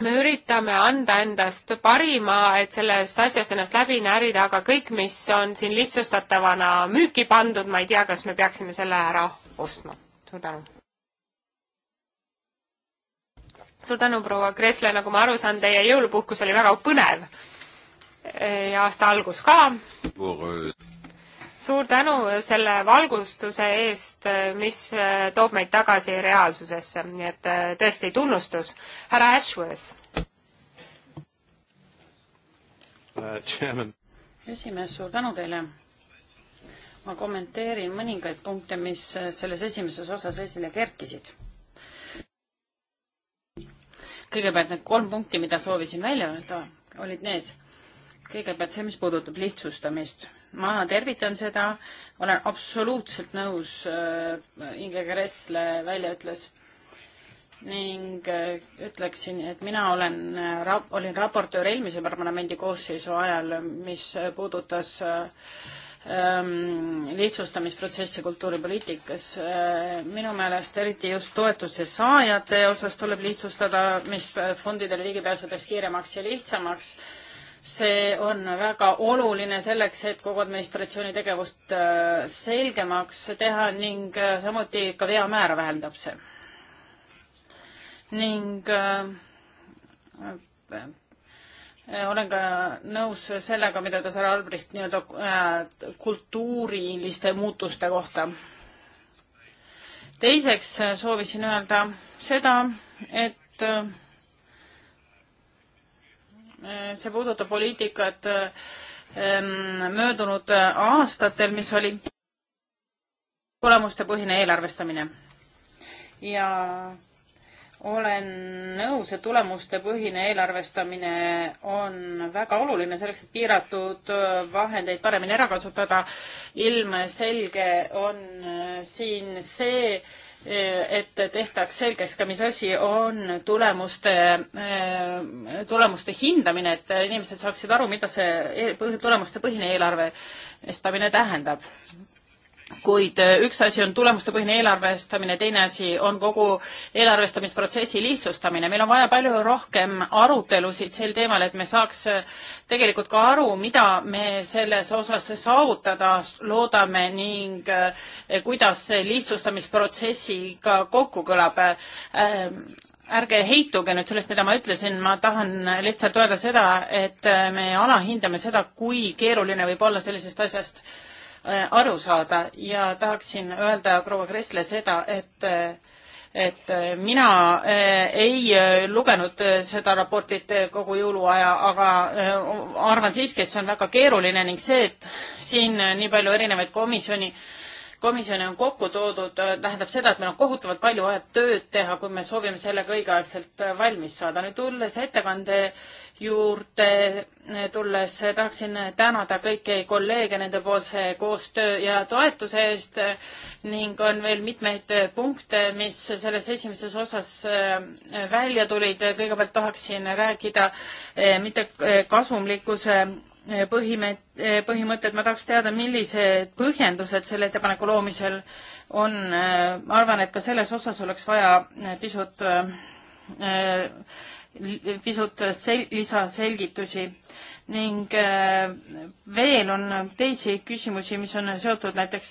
me üritame anda endast parima, et sellest asjast ennast läbi närida, aga kõik, mis on siin lihtsustatavana müüki pandud, ma ei tea, kas me peaksime selle ära ostma. suur tänu. suur tänu, proua Kresle, nagu ma aru saan, teie jõulupuhkus oli väga põnev. Äh, ja aasta algus ka. suur tänu selle valgustuse eest, äh, mis äh, toob meid tagasi reaalsusesse, nii et tõesti tunnustus. härra Ashworth uh,. esimees, suur tänu teile ma kommenteerin mõningaid punkte, mis selles esimeses osas esile kerkisid kõigepealt need kolm punkti, mida soovisin välja öelda, olid need. kõigepealt see, mis puudutab lihtsustamist. ma tervitan seda, olen absoluutselt nõus äh,, Inge Kressle välja ütles ning äh, ütleksin, et mina olen äh,, olin raportöör eelmise parlamendi koosseisu ajal, mis äh, puudutas äh, Ähm, lihtsustamisprotsessi kultuuripoliitikas. Äh, minu meelest eriti just toetuse saajate osas tuleb lihtsustada, mis fondidele ligipääsu teeks kiiremaks ja lihtsamaks. see on väga oluline selleks, et kogu administratsiooni tegevust äh, selgemaks teha ning äh, samuti ka veamäära vähendab see. ning Äh, olen ka nõus sellega, mida ütles härra Albrecht nii-öelda äh, kultuuriliste muutuste kohta. teiseks äh, soovisin öelda seda, et see puudutab poliitikat ähm, möödunud aastatel, mis oli tulemustepõhine eelarvestamine. ja olen nõus, et tulemustepõhine eelarvestamine on väga oluline selleks, et piiratud vahendeid paremini ära kasutada. ilmselge on äh, siin see, äh, et tehtaks selgeks ka, mis asi on tulemuste, äh, tulemuste hindamine, et inimesed saaksid aru, mida see e-, tulemuste põhine eelarvestamine tähendab kuid äh, üks asi on tulemustepõhine eelarvestamine, teine asi on kogu eelarvestamisprotsessi lihtsustamine. meil on vaja palju rohkem arutelusid sel teemal, et me saaks äh, tegelikult ka aru, mida me selles osas saavutada loodame ning äh, kuidas see lihtsustamisprotsessiga kokku kõlab ärge heituge nüüd sellest, mida ma ütlesin, ma tahan lihtsalt öelda seda, et me alahindame seda, kui keeruline võib olla sellisest asjast äh, Äh, aru saada ja tahaksin öelda proua Kressle seda, et et äh, mina äh, ei lugenud seda raportit kogu jõuluaja, aga arvan siiski, et see on väga keeruline ning see, et siin nii palju erinevaid komisjoni komisjoni on kokku toodud, tähendab seda, et meil on kohutavalt palju vaja tööd teha, kui me soovime sellega õigeaegselt valmis saada. nüüd tulles ettekande juurde, tulles tahaksin tänada kõiki kolleege nendepoolse koostöö ja toetuse eest ning on veel mitmeid punkte, mis selles esimeses osas äh, välja tulid. kõigepealt tahaksin rääkida äh, mitte kasumlikkuse Eh, põhimet-, eh, põhimõtted, ma tahaks teada, millised põhjendused selle ettepaneku loomisel on, ma eh, arvan, et ka selles osas oleks vaja pisut, pisut sel-, lisaselgitusi. ning veel on teisi küsimusi, mis on seotud näiteks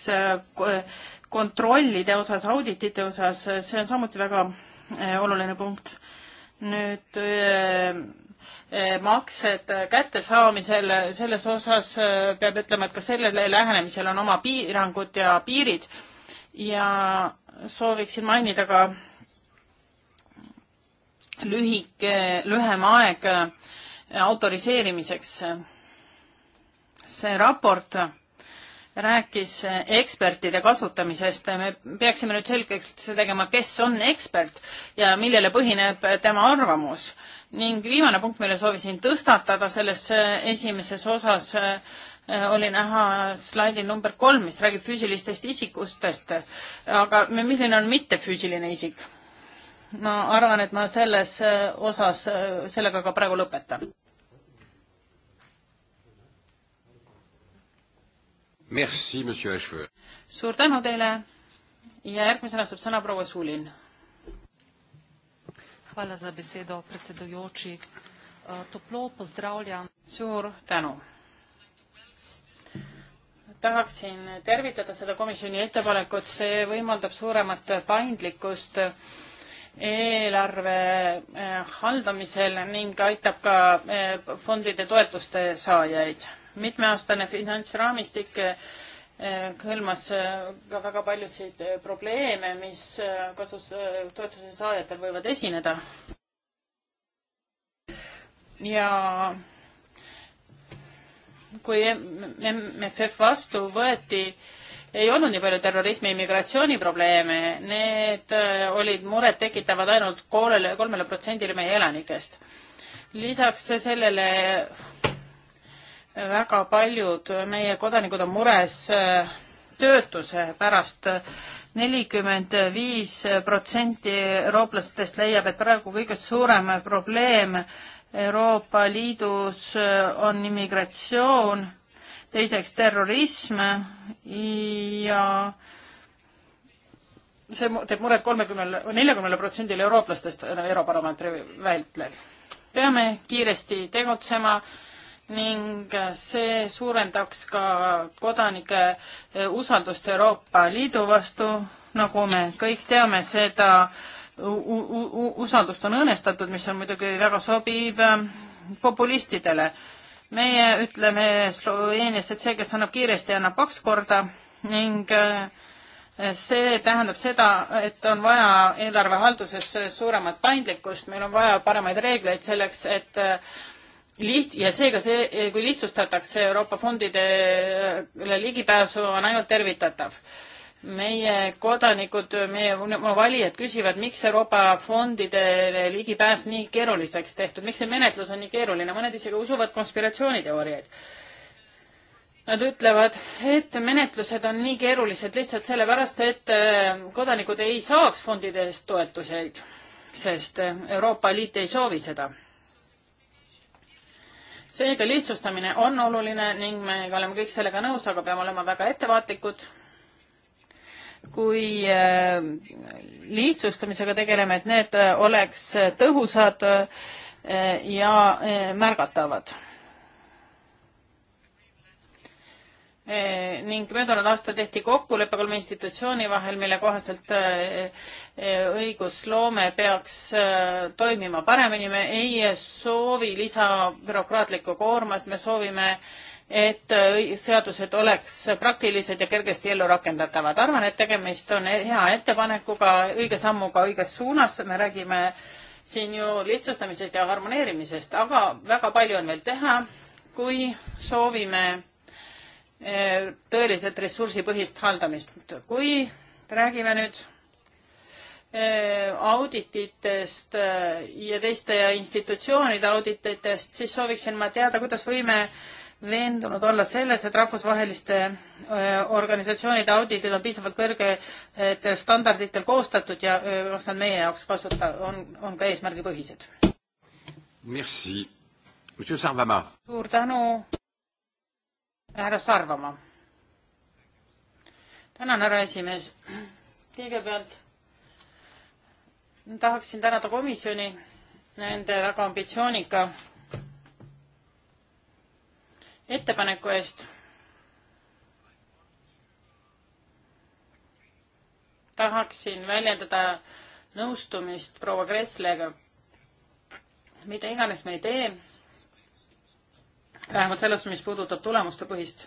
kontrollide osas, auditite osas, see on samuti väga oluline punkt. nüüd Eh, maksed kättesaamisel, selles osas eh, peab ütlema, et ka sellele lähenemisel on oma piirangud ja piirid ja sooviksin mainida ka lühike, lühem aeg eh, autoriseerimiseks. see raport rääkis ekspertide kasutamisest, me peaksime nüüd selgeks tegema, kes on ekspert ja millele põhineb tema arvamus ning viimane punkt, mille soovisin tõstatada selles äh, esimeses osas, äh, oli näha slaidil number kolm, mis räägib füüsilistest isikustest. aga milline on mittefüüsiline isik? ma arvan, et ma selles äh, osas, sellega ka praegu lõpetan. Merci, monsieur Ashford. suur tänu teile ja järgmisena saab sõna proua Sulin hvala za besedo, predsedujoči. Eh, toplo pozdravljam. suur tänu. tahaksin tervitada seda komisjoni ettepanekut, see võimaldab suuremat paindlikkust eelarve eh, haldamisel ning aitab ka eh, fondide toetuste saajaid. mitmeaastane finantsraamistik Eh, hõlmas eh, ka väga paljusid eh, probleeme, mis kasus, toetuse saajatel võivad esineda. ja kui MFF vastu võeti, ei olnud nii palju terrorismi ja immigratsiooniprobleeme, need olid murettekitavad ainult kolmele, kolmele protsendile meie elanikest. lisaks sellele väga paljud meie kodanikud on mures äh, töötuse pärast. nelikümmend viis protsenti eurooplastest leiab, et praegu kõige suurem probleem Euroopa Liidus äh, on immigratsioon, teiseks terrorism ja see teeb muret kolmekümnele või neljakümnele protsendile eurooplastest äh, Europarlamentri vältel. peame kiiresti tegutsema äh, ning see suurendaks ka kodanike eh, usaldust Euroopa Liidu vastu, nagu me kõik teame, seda usaldust on õõnestatud, mis on muidugi väga sobiv eh, populistidele. meie ütleme Sloveenias, et see, kes annab kiiresti, annab kaks korda ning eh, see tähendab seda, et on vaja eelarvehalduses suuremat paindlikkust, meil on vaja paremaid reegleid selleks, et liht- ja seega see, kui lihtsustatakse Euroopa fondidele ligipääsu, on ainult tervitatav. meie kodanikud, meie mu valijad küsivad, miks Euroopa fondidele ligipääs nii keeruliseks tehtud, miks see menetlus on nii keeruline, mõned isegi usuvad konspiratsiooniteooriaid. Nad ütlevad, et menetlused on nii keerulised lihtsalt sellepärast, et eh, kodanikud ei saaks fondide eest toetuseid, sest eh, Euroopa Liit ei soovi seda seega lihtsustamine on oluline ning me oleme kõik sellega nõus, aga peame olema väga ettevaatlikud. kui äh, lihtsustamisega tegeleme, et need äh, oleks äh, tõhusad ja märgatavad Eh, ning möödunud aastal tehti kokkulepe kolme institutsiooni vahel, mille kohaselt eh, eh, õigusloome peaks toimima paremini. me ei soovi lisabürokraatlikku koormat, me soovime, et seadused oleks praktilised ja kergesti ellu rakendatavad. arvan, et tegemist on hea ettepanekuga, õige sammuga õiges suunas, me räägime siin ju lihtsustamisest ja harmoneerimisest, aga väga palju on veel teha, kui soovime Eh, tõeliselt ressursipõhist haldamist. kui räägime nüüd eh, audititest eh, ja teiste institutsioonide audititest, siis sooviksin ma teada, kuidas võime veendunud olla selles, et rahvusvaheliste organisatsioonide auditid on piisavalt kõrgetel standarditel koostatud ja kas nad meie jaoks kasuta-, on, on ka eesmärgipõhised. suur tänu, härra Sarvamaa. tänan, härra esimees. kõigepealt tahaksin tänada komisjoni nende väga ambitsioonika ettepaneku eest. tahaksin väljendada nõustumist proua Kresslega. mida iganes me ei tee, vähemalt selles, mis puudutab tulemustepõhist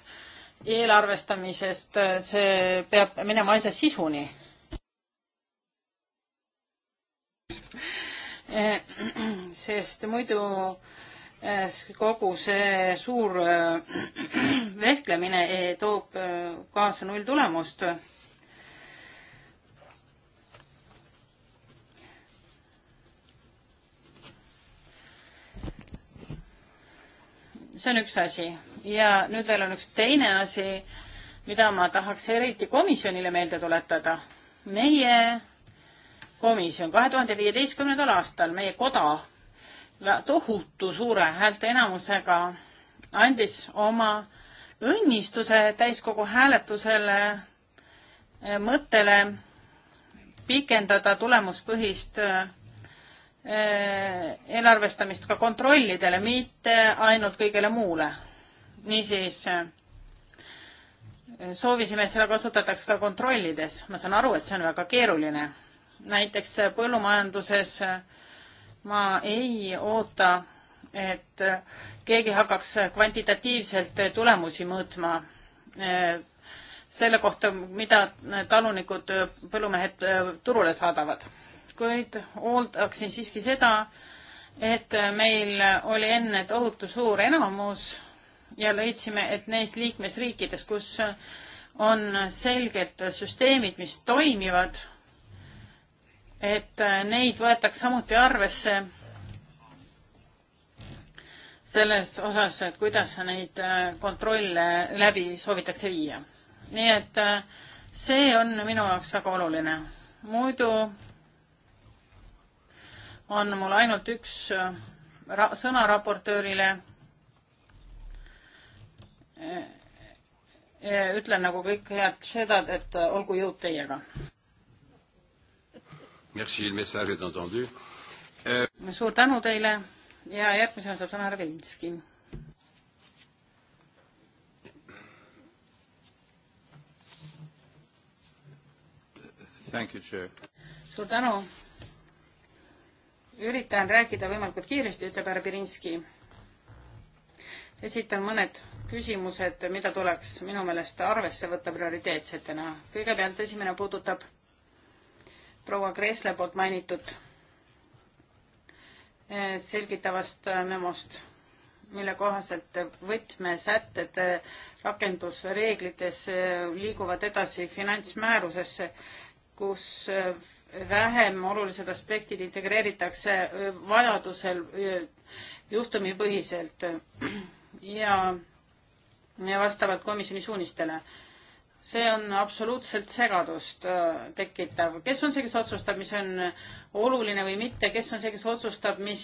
eelarvestamisest, äh, see peab minema asja sisuni. Äh, *clears throat* sest muidu äh, kogu see suur *clears throat* vehklemine eh, toob kaasa nulltulemust see on üks asi ja nüüd veel on üks teine asi, mida ma tahaks eriti komisjonile meelde tuletada. meie komisjon kahe tuhande viieteistkümnendal aastal, meie koda tohutu suure häälteenamusega andis oma õnnistuse täiskogu hääletusele eh, mõttele pikendada tulemuspõhist eh, Äh, eelarvestamist ka kontrollidele, mitte ainult kõigele muule. niisiis äh, soovisime, et seda kasutataks ka kontrollides. ma saan aru, et see on väga keeruline. näiteks äh, põllumajanduses ma ei oota, et keegi hakkaks kvantitatiivselt tulemusi mõõtma selle kohta, mida talunikud, põllumehed turule saadavad kuid hooldaksin siiski seda, et meil oli enne tohutu suur enamus ja leidsime, et neis liikmesriikides, kus on selged süsteemid, mis toimivad, et neid võetaks samuti arvesse selles osas, et kuidas neid kontrolle läbi soovitakse viia. nii et see on minu jaoks väga oluline. muidu on mul ainult üks äh, ra sõna raportöörile. Äh, äh, ütlen nagu kõik head sedad, et olgu jõud teiega. suur tänu teile ja järgmisena saab sõna härra Vilinski. suur tänu üritan rääkida võimalikult kiiresti, ütleb härra Pirinski. esitan mõned küsimused, mida tuleks minu meelest arvesse võtta prioriteetsetena. kõigepealt esimene puudutab proua Kresle poolt mainitud eh, selgitavast eh, memost, mille kohaselt võtmesätted eh, rakendusreeglites liiguvad edasi finantsmäärusesse, kus vähem olulised aspektid integreeritakse vajadusel juhtumipõhiselt ja vastavalt komisjoni suunistele. see on absoluutselt segadust tekitav, kes on see, kes otsustab, mis on oluline või mitte, kes on see, kes otsustab, mis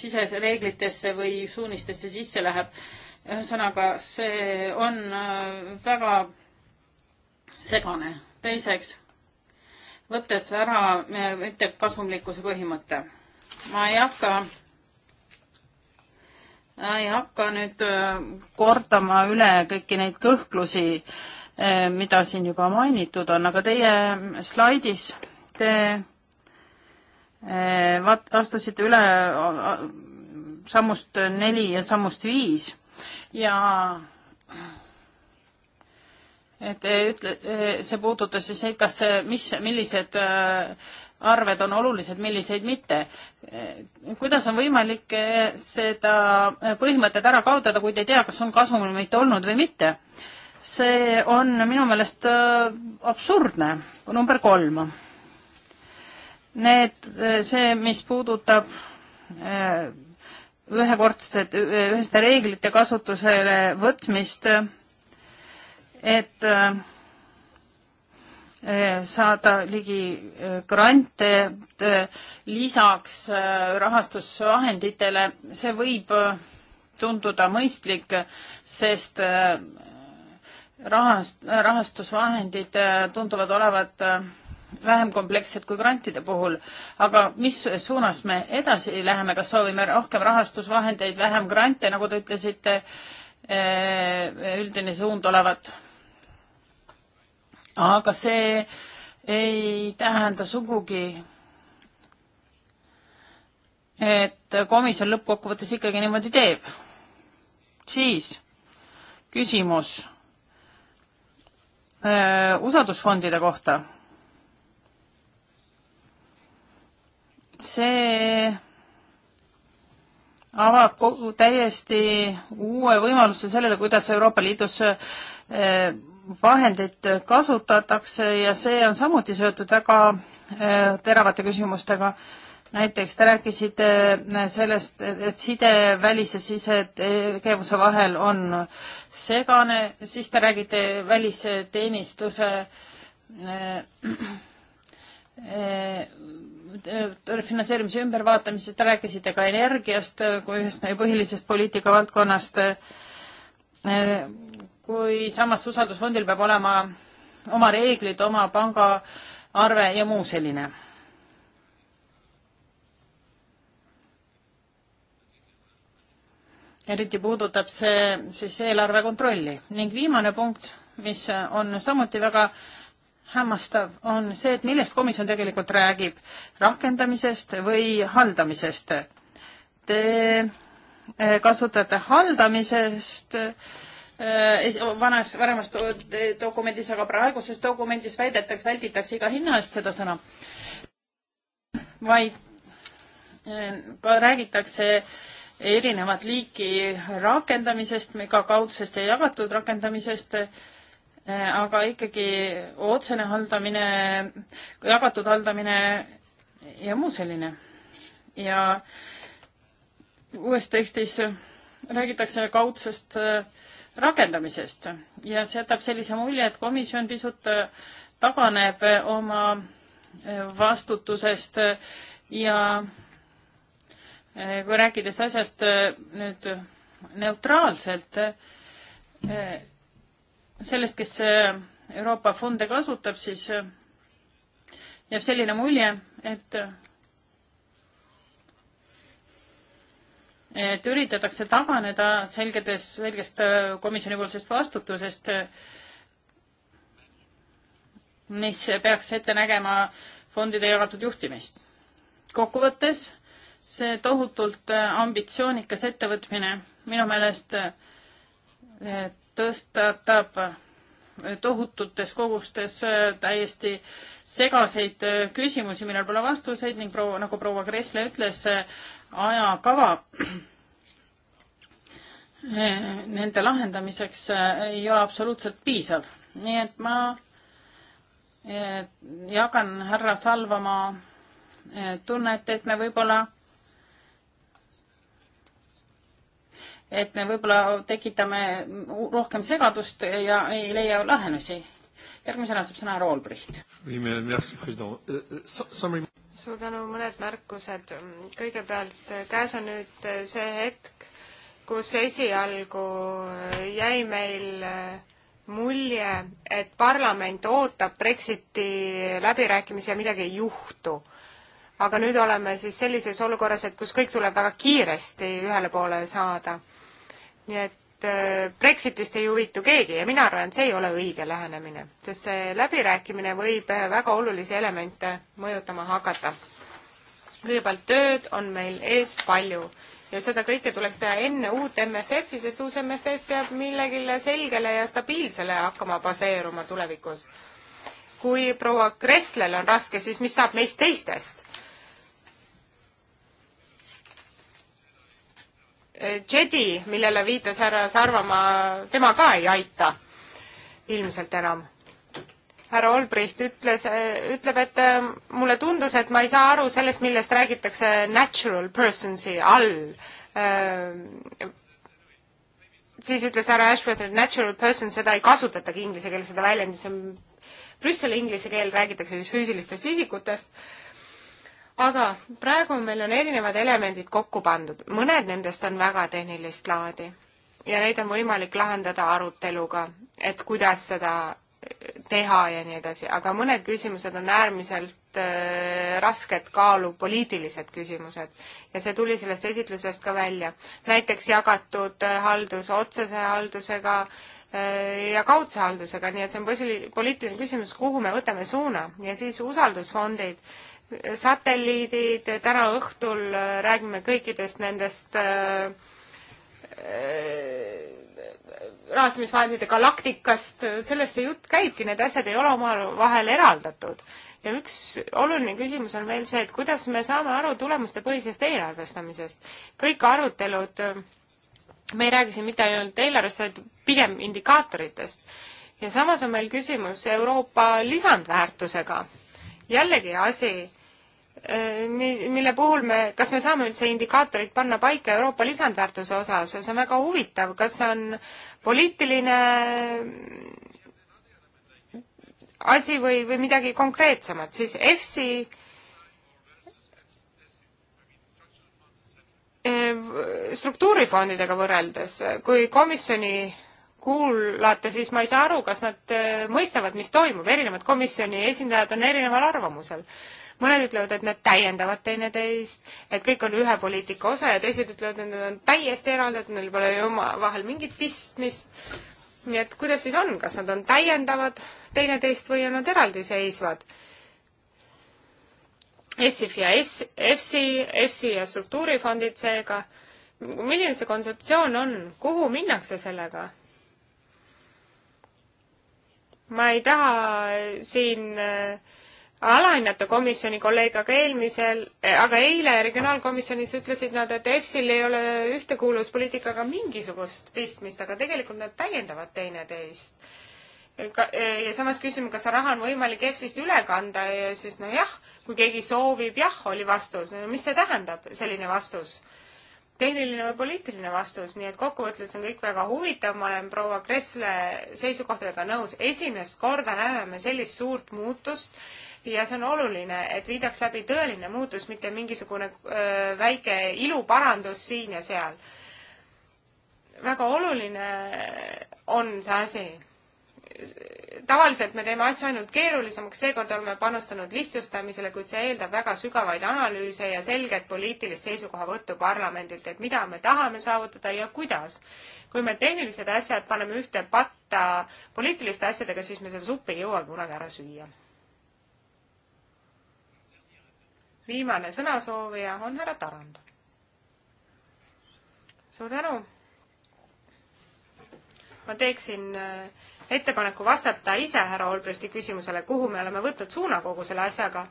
sisereeglitesse või suunistesse sisse läheb. ühesõnaga, see on väga segane. teiseks võttes ära äh, mittekasumlikkuse põhimõte. ma ei hakka, ei hakka nüüd äh, kordama üle kõiki neid kõhklusi, äh, mida siin juba mainitud on, aga teie slaidis te vaat-, astusite üle sammust neli ja sammust viis ja et eh, ütle, eh, see puudutas siis neid, kas, eh, mis, millised arved on olulised, milliseid mitte. kuidas on võimalik seda põhimõtet ära kaotada, kui te ei tea, kas on kasumit olnud või mitte? see on minu meelest absurdne. number kolm. Need, see, mis puudutab ühekordset, üheste reeglite kasutusele võtmist et äh, äh, saada ligi äh, grante lisaks rahastusvahenditele, see võib tunduda mõistlik, sest rahast-, rahastusvahendid tunduvad olevat vähem komplekssed kui grantide puhul. aga mis suunas me edasi läheme, kas soovime rohkem rahastusvahendeid, vähem grante, nagu te ütlesite, üldine suund olevat? aga see ei tähenda sugugi, et komisjon lõppkokkuvõttes ikkagi niimoodi teeb. siis küsimus usaldusfondide kohta. see avab täiesti uue võimaluse sellele, kuidas Euroopa Liidus vahendeid kasutatakse ja see on samuti seotud väga äh, teravate küsimustega. näiteks te rääkisite äh, sellest, et side välis- ja sisetegevuse vahel on segane, siis te räägite välisteenistuse äh, finantseerimise ümbervaatamisest, te rääkisite ka energiast kui ühest meie põhilisest poliitikavaldkonnast kui samas usaldusfondil peab olema oma reeglid, oma pangaarve ja muu selline. eriti puudutab see siis eelarve kontrolli ning viimane punkt, mis on samuti väga hämmastav, on see, et millest komisjon tegelikult räägib, rakendamisest või haldamisest. Te eh, kasutate haldamisest äh, Äh, vanas, varemas dokumendis, aga praeguses dokumendis väidetakse, välditakse iga hinna eest seda sõna. vaid äh, ka räägitakse erinevat liiki rakendamisest, ka kaudsest ja jagatud rakendamisest, äh, aga ikkagi otsene haldamine, jagatud haldamine ja muu selline. ja uues tekstis räägitakse kaudsest äh, rakendamisest ja see jätab sellise mulje, et komisjon pisut äh, taganeb äh, oma äh, vastutusest ja kui rääkides asjast nüüd neutraalselt, sellest, kes Euroopa fonde kasutab, siis jääb selline mulje, et et üritatakse taganeda selgedes, selgest äh, komisjonipoolsest vastutusest, mis peaks ette nägema fondide jagatud juhtimist. kokkuvõttes see tohutult äh, ambitsioonikas ettevõtmine minu meelest äh, tõstatab tohututes kogustes täiesti segaseid küsimusi, millel pole vastuseid ning proua, nagu proua Kressle ütles, ajakava eh, nende lahendamiseks eh, ei ole absoluutselt piisav. nii et ma eh, jagan härra Salvamaa tunnet, et me võib-olla, et me võib-olla tekitame rohkem segadust ja ei leia lahendusi järgmisena saab sõna härra Olbricht. Euh, euh, suur tänu, mõned märkused. kõigepealt, äh, käes on nüüd äh, see hetk, kus esialgu äh, jäi meil mulje, et parlament ootab Brexiti läbirääkimisi ja midagi ei juhtu. aga nüüd oleme siis sellises olukorras, et kus kõik tuleb väga kiiresti ühele poole saada. nii et et äh, Brexitist ei huvitu keegi ja mina arvan, et see ei ole õige lähenemine, sest see läbirääkimine võib äh, väga olulisi elemente mõjutama hakata. kõigepealt tööd on meil ees palju ja seda kõike tuleks teha enne uut MFF-i, sest uus MFF peab millegile selgele ja stabiilsele hakkama baseeruma tulevikus. kui proua Kresslel on raske, siis mis saab meist teistest? Jedi, millele viitas härra Sarvamaa, tema ka ei aita ilmselt enam. härra Olbricht ütles, ütleb, et äh, mulle tundus, et ma ei saa aru sellest, millest räägitakse natural person'i all. Äh, siis ütles härra Ashworth, et natural person, seda ei kasutatagi inglise keeles, seda väljendit, see on Brüsseli inglise keel, räägitakse siis füüsilistest isikutest aga praegu meil on erinevad elemendid kokku pandud, mõned nendest on väga tehnilist laadi ja neid on võimalik lahendada aruteluga, et kuidas seda eh, teha ja nii edasi, aga mõned küsimused on äärmiselt äh, rasked kaalu, poliitilised küsimused. ja see tuli sellest esitlusest ka välja. näiteks jagatud äh, haldus otsese haldusega äh, ja kaudse haldusega, nii et see on poli-, poliitiline küsimus, kuhu me võtame suuna ja siis usaldusfondid äh,, satelliidid, täna õhtul äh, räägime kõikidest nendest äh, äh rahastamisvahendite galaktikast, sellest see jutt käibki, need asjad ei ole omavahel eraldatud. ja üks oluline küsimus on veel see, et kuidas me saame aru tulemustepõhisest eelarvestamisest. kõik arutelud, äh, me ei räägi siin mitte ainult eelarvest, vaid pigem indikaatoritest. ja samas on meil küsimus Euroopa lisandväärtusega. jällegi asi, Äh, mille puhul me, kas me saame üldse indikaatorid panna paika Euroopa lisandväärtuse osas, see on väga huvitav, kas see on poliitiline mm, asi või, või midagi konkreetsemat, siis EFSI äh, struktuurifondidega võrreldes, kui komisjoni kuulate, siis ma ei saa aru, kas nad äh, mõistavad, mis toimub, erinevad komisjoni esindajad on erineval arvamusel mõned ütlevad, et need täiendavad teineteist, et kõik on ühe poliitika osa ja teised ütlevad, et need on täiesti eraldatud, neil pole ju omavahel mingit pistmist. nii et kuidas siis on, kas nad on täiendavad teineteist või on nad eraldiseisvad? ESIF ja S-, EFSI, EFSI ja struktuurifondid seega, milline see kontseptsioon on, kuhu minnakse sellega? ma ei taha siin äh, alahinnata komisjoni kolleeg, aga eelmisel, eh, aga eile regionaalkomisjonis ütlesid nad, et EFSil ei ole ühtekuuluvuspoliitikaga mingisugust pistmist, aga tegelikult nad täiendavad teineteist. ka, eh, ja samas küsime, kas raha on võimalik EFSist üle kanda ja siis nojah, kui keegi soovib, jah, oli vastus no,. mis see tähendab, selline vastus? tehniline või poliitiline vastus, nii et kokkuvõttes on kõik väga huvitav, ma olen proua Kressle seisukohtadega nõus. esimest korda näeme me sellist suurt muutust ja see on oluline, et viidaks läbi tõeline muutus, mitte mingisugune öö, väike iluparandus siin ja seal. väga oluline on see asi. tavaliselt me teeme asju ainult keerulisemaks, seekord oleme panustanud lihtsustamisele, kuid see eeldab väga sügavaid analüüse ja selget poliitilist seisukohavõttu parlamendilt, et mida me tahame saavutada ja kuidas. kui me tehnilised asjad paneme ühte patta poliitiliste asjadega, siis me seda suppi ei jõua kunagi ära süüa viimane sõnasoovija on härra Tarand. suur tänu. ma teeksin äh, ettepaneku vastata ise härra Olbrechti küsimusele, kuhu me oleme võtnud suuna kogu selle asjaga.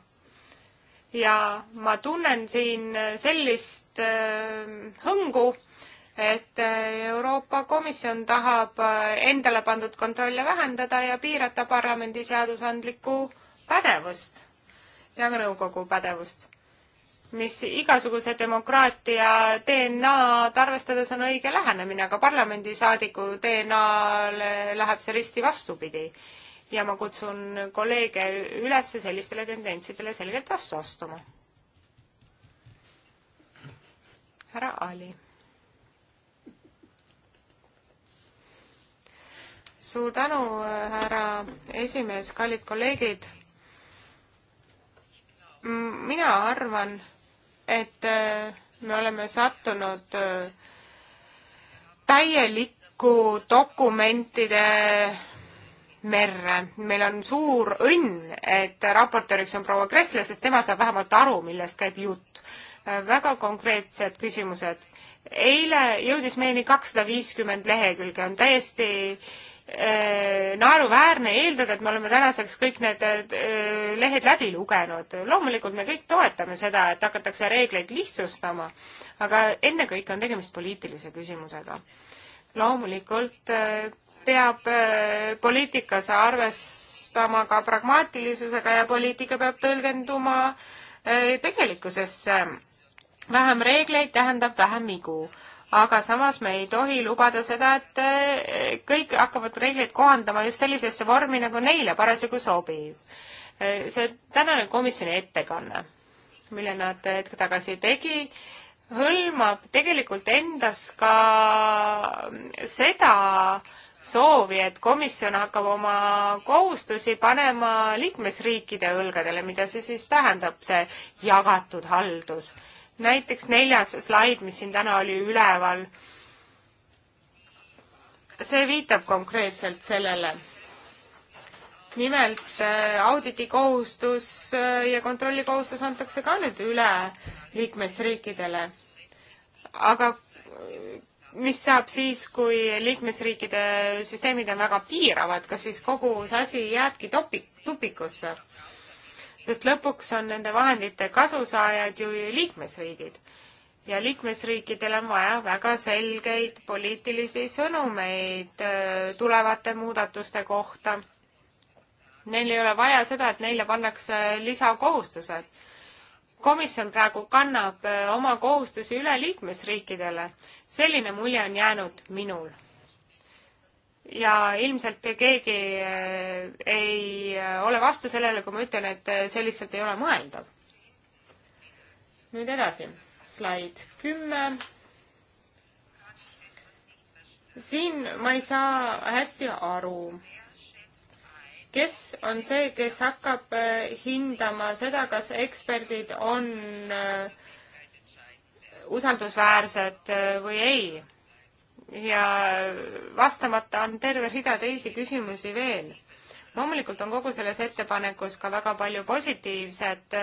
ja ma tunnen siin äh, sellist äh, hõngu, et Euroopa Komisjon tahab endale pandud kontrolle vähendada ja piirata parlamendi seadusandlikku pädevust ja ka nõukogu pädevust, mis igasuguse demokraatia DNA-d arvestades on õige lähenemine, aga parlamendisaadiku DNA-le läheb see risti vastupidi. ja ma kutsun kolleege üles sellistele tendentsidele selgelt vastu astuma. härra Ali suur tänu, härra esimees, kallid kolleegid mina arvan, et äh, me oleme sattunud äh, täielikku dokumentide merre. meil on suur õnn, et raportööriks on proua Kressle, sest tema saab vähemalt aru, millest käib jutt. Äh, väga konkreetsed küsimused. eile jõudis meieni kakssada viiskümmend lehekülge, on täiesti äh, Äh, naeruväärne eeldada, et me oleme tänaseks kõik need äh, äh, lehed läbi lugenud. loomulikult me kõik toetame seda, et hakatakse reegleid lihtsustama, aga ennekõike on tegemist poliitilise küsimusega. loomulikult peab poliitikas arvestama ka pragmaatilisusega ja poliitika peab tõlgenduma tegelikkusesse. vähem reegleid tähendab vähem vigu aga samas me ei tohi lubada seda, et eh, kõik hakkavad reegleid kohandama just sellisesse vormi, nagu neile parasjagu sobib. Eh, see tänane komisjoni ettekanne, mille nad hetk tagasi tegi, hõlmab tegelikult endas ka seda soovi, et komisjon hakkab oma kohustusi panema liikmesriikide õlgadele, mida see siis tähendab, see jagatud haldus näiteks neljas slaid, mis siin täna oli üleval, see viitab konkreetselt sellele. nimelt äh, auditikohustus äh, ja kontrollikohustus antakse ka nüüd üle liikmesriikidele. aga äh, mis saab siis, kui liikmesriikide süsteemid on väga piiravad, kas siis kogu see asi jääbki topi-, tupikusse? sest lõpuks on nende vahendite kasusaajad ju liikmesriigid ja liikmesriikidel on vaja väga selgeid poliitilisi sõnumeid äh, tulevate muudatuste kohta. Neil ei ole vaja seda, et neile pannakse lisakohustused. komisjon praegu kannab äh, oma kohustusi üle liikmesriikidele. selline mulje on jäänud minul ja ilmselt keegi eh, ei eh, ole vastu sellele, kui ma ütlen, et eh, see lihtsalt ei ole mõeldav. nüüd edasi, slaid kümme. siin ma ei saa hästi aru. kes on see, kes hakkab hindama seda, kas eksperdid on usaldusväärsed või ei? ja vastamata on terve rida teisi küsimusi veel. loomulikult on kogu selles ettepanekus ka väga palju positiivset,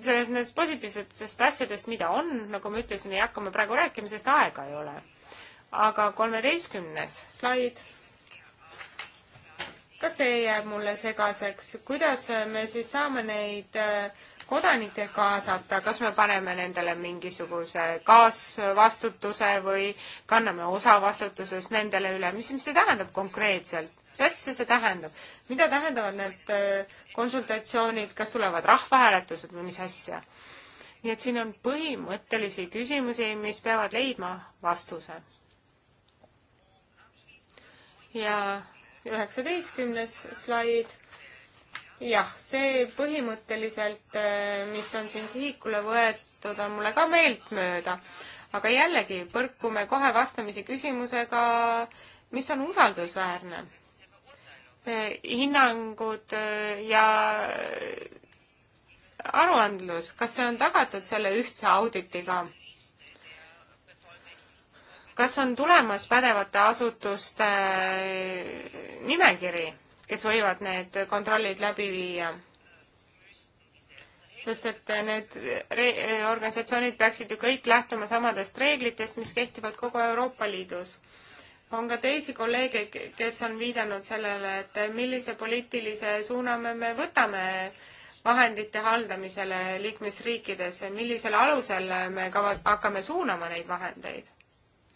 selles, nendest positiivsetest asjadest, mida on, nagu ma ütlesin, ei hakka ma praegu rääkima, sest aega ei ole. aga kolmeteistkümnes slaid ka see jääb mulle segaseks, kuidas me siis saame neid äh, kodanikke kaasata, kas me paneme nendele mingisuguse kaasvastutuse või kanname osa vastutusest nendele üle, mis, mis see tähendab konkreetselt? mis asja see tähendab? mida tähendavad need äh, konsultatsioonid, kas tulevad rahvahääletused või mis asja? nii et siin on põhimõttelisi küsimusi, mis peavad leidma vastuse. ja üheksateistkümnes slaid jah, see põhimõtteliselt, äh, mis on siin sihikule võetud, on mulle ka meeltmööda. aga jällegi, põrkume kohe vastamisi küsimusega, mis on usaldusväärne. Äh, hinnangud äh, ja aruandlus, kas see on tagatud selle ühtse auditiga? kas on tulemas pädevate asutuste nimekiri? kes võivad need kontrollid läbi viia. sest et need organisatsioonid peaksid ju kõik lähtuma samadest reeglitest, mis kehtivad kogu Euroopa Liidus. on ka teisi kolleege, kes on viidanud sellele, et millise poliitilise suuna me, me võtame vahendite haldamisele liikmesriikides, millisel alusel me kava-, hakkame suunama neid vahendeid?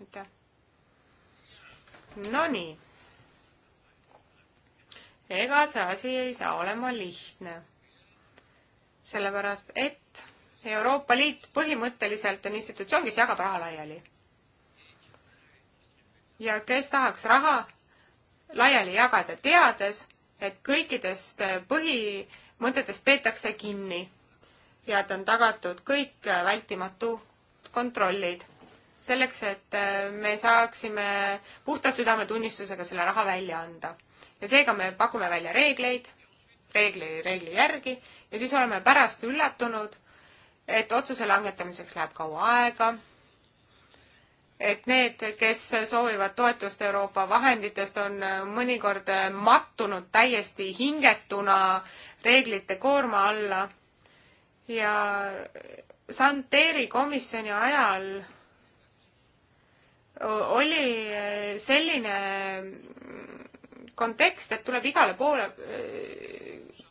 aitäh. Nonii ega see asi ei saa olema lihtne. sellepärast, et Euroopa Liit põhimõtteliselt on institutsioon, kes jagab raha laiali. ja kes tahaks raha laiali jagada, teades, et kõikidest põhimõtetest peetakse kinni ja et on tagatud kõik vältimatu kontrollid selleks, et me saaksime puhta südametunnistusega selle raha välja anda ja seega me pakume välja reegleid, reegli, reegli järgi ja siis oleme pärast üllatunud, et otsuse langetamiseks läheb kaua aega, et need, kes soovivad toetust Euroopa vahenditest, on mõnikord mattunud täiesti hingetuna reeglite koorma alla ja Santeri komisjoni ajal oli selline kontekst, et tuleb igale poole,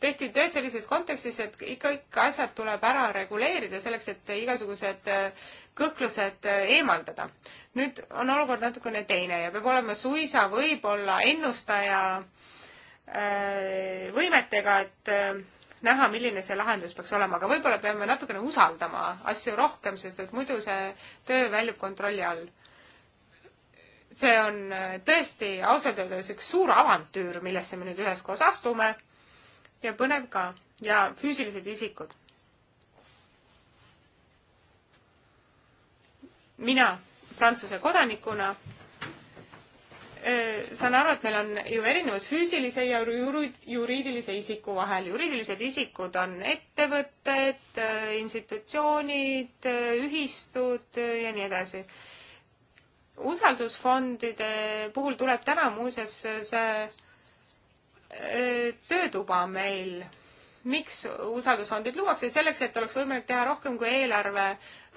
tehti tööd sellises kontekstis, et ikka, ikka asjad tuleb ära reguleerida selleks, et igasugused äh, kõhklused äh, eemaldada. nüüd on olukord natukene teine ja peab olema suisa võib-olla ennustaja äh, võimetega, et näha, milline see lahendus peaks olema, aga võib-olla peame natukene usaldama asju rohkem, sest et muidu see töö väljub kontrolli all see on äh, tõesti ausalt öeldes üks suur avantüür, millesse me nüüd üheskoos astume ja põnev ka ja füüsilised isikud. mina Prantsuse kodanikuna äh, saan aru, et meil on ju erinevus füüsilise ja juriidilise isiku vahel. juriidilised isikud on ettevõtted, äh, institutsioonid, ühistud ja nii edasi usaldusfondide puhul tuleb täna muuseas see äh, töötuba meil miks usaldusfondid luuakse, selleks, et oleks võimalik teha rohkem, kui eelarve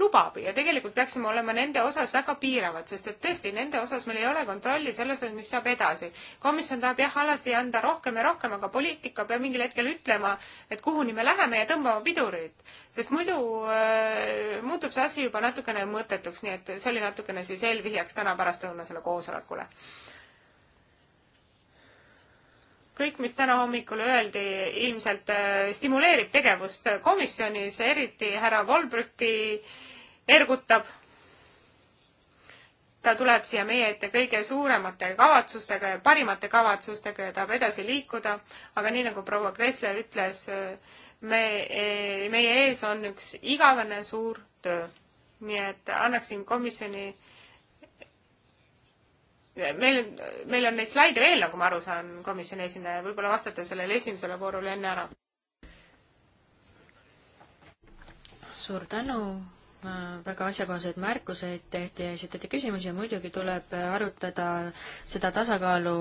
lubab ja tegelikult peaksime olema nende osas väga piiravad, sest et tõesti, nende osas meil ei ole kontrolli selles osas, mis saab edasi. komisjon tahab jah, alati anda rohkem ja rohkem, aga poliitika peab mingil hetkel ütlema, et kuhuni me läheme ja tõmbama pidurit, sest muidu äh, muutub see asi juba natukene mõttetuks, nii et see oli natukene siis eelvihjaks täna pärastlõunasele koosolekule kõik, mis täna hommikul öeldi, ilmselt äh, stimuleerib tegevust komisjonis, eriti härra Volbrüki ergutab. ta tuleb siia meie ette kõige suuremate kavatsustega ja parimate kavatsustega ja tahab edasi liikuda, aga nii nagu proua Kressle ütles, äh, me, äh, meie ees on üks igavene suur töö. nii et annaksin komisjoni meil, meil on neid slaide veel, nagu ma aru saan, komisjoni esindaja, võib-olla vastate sellele esimesele voorule enne ära. suur tänu, väga asjakohaseid märkuseid tehti ja esitati küsimusi ja muidugi tuleb arutada seda tasakaalu,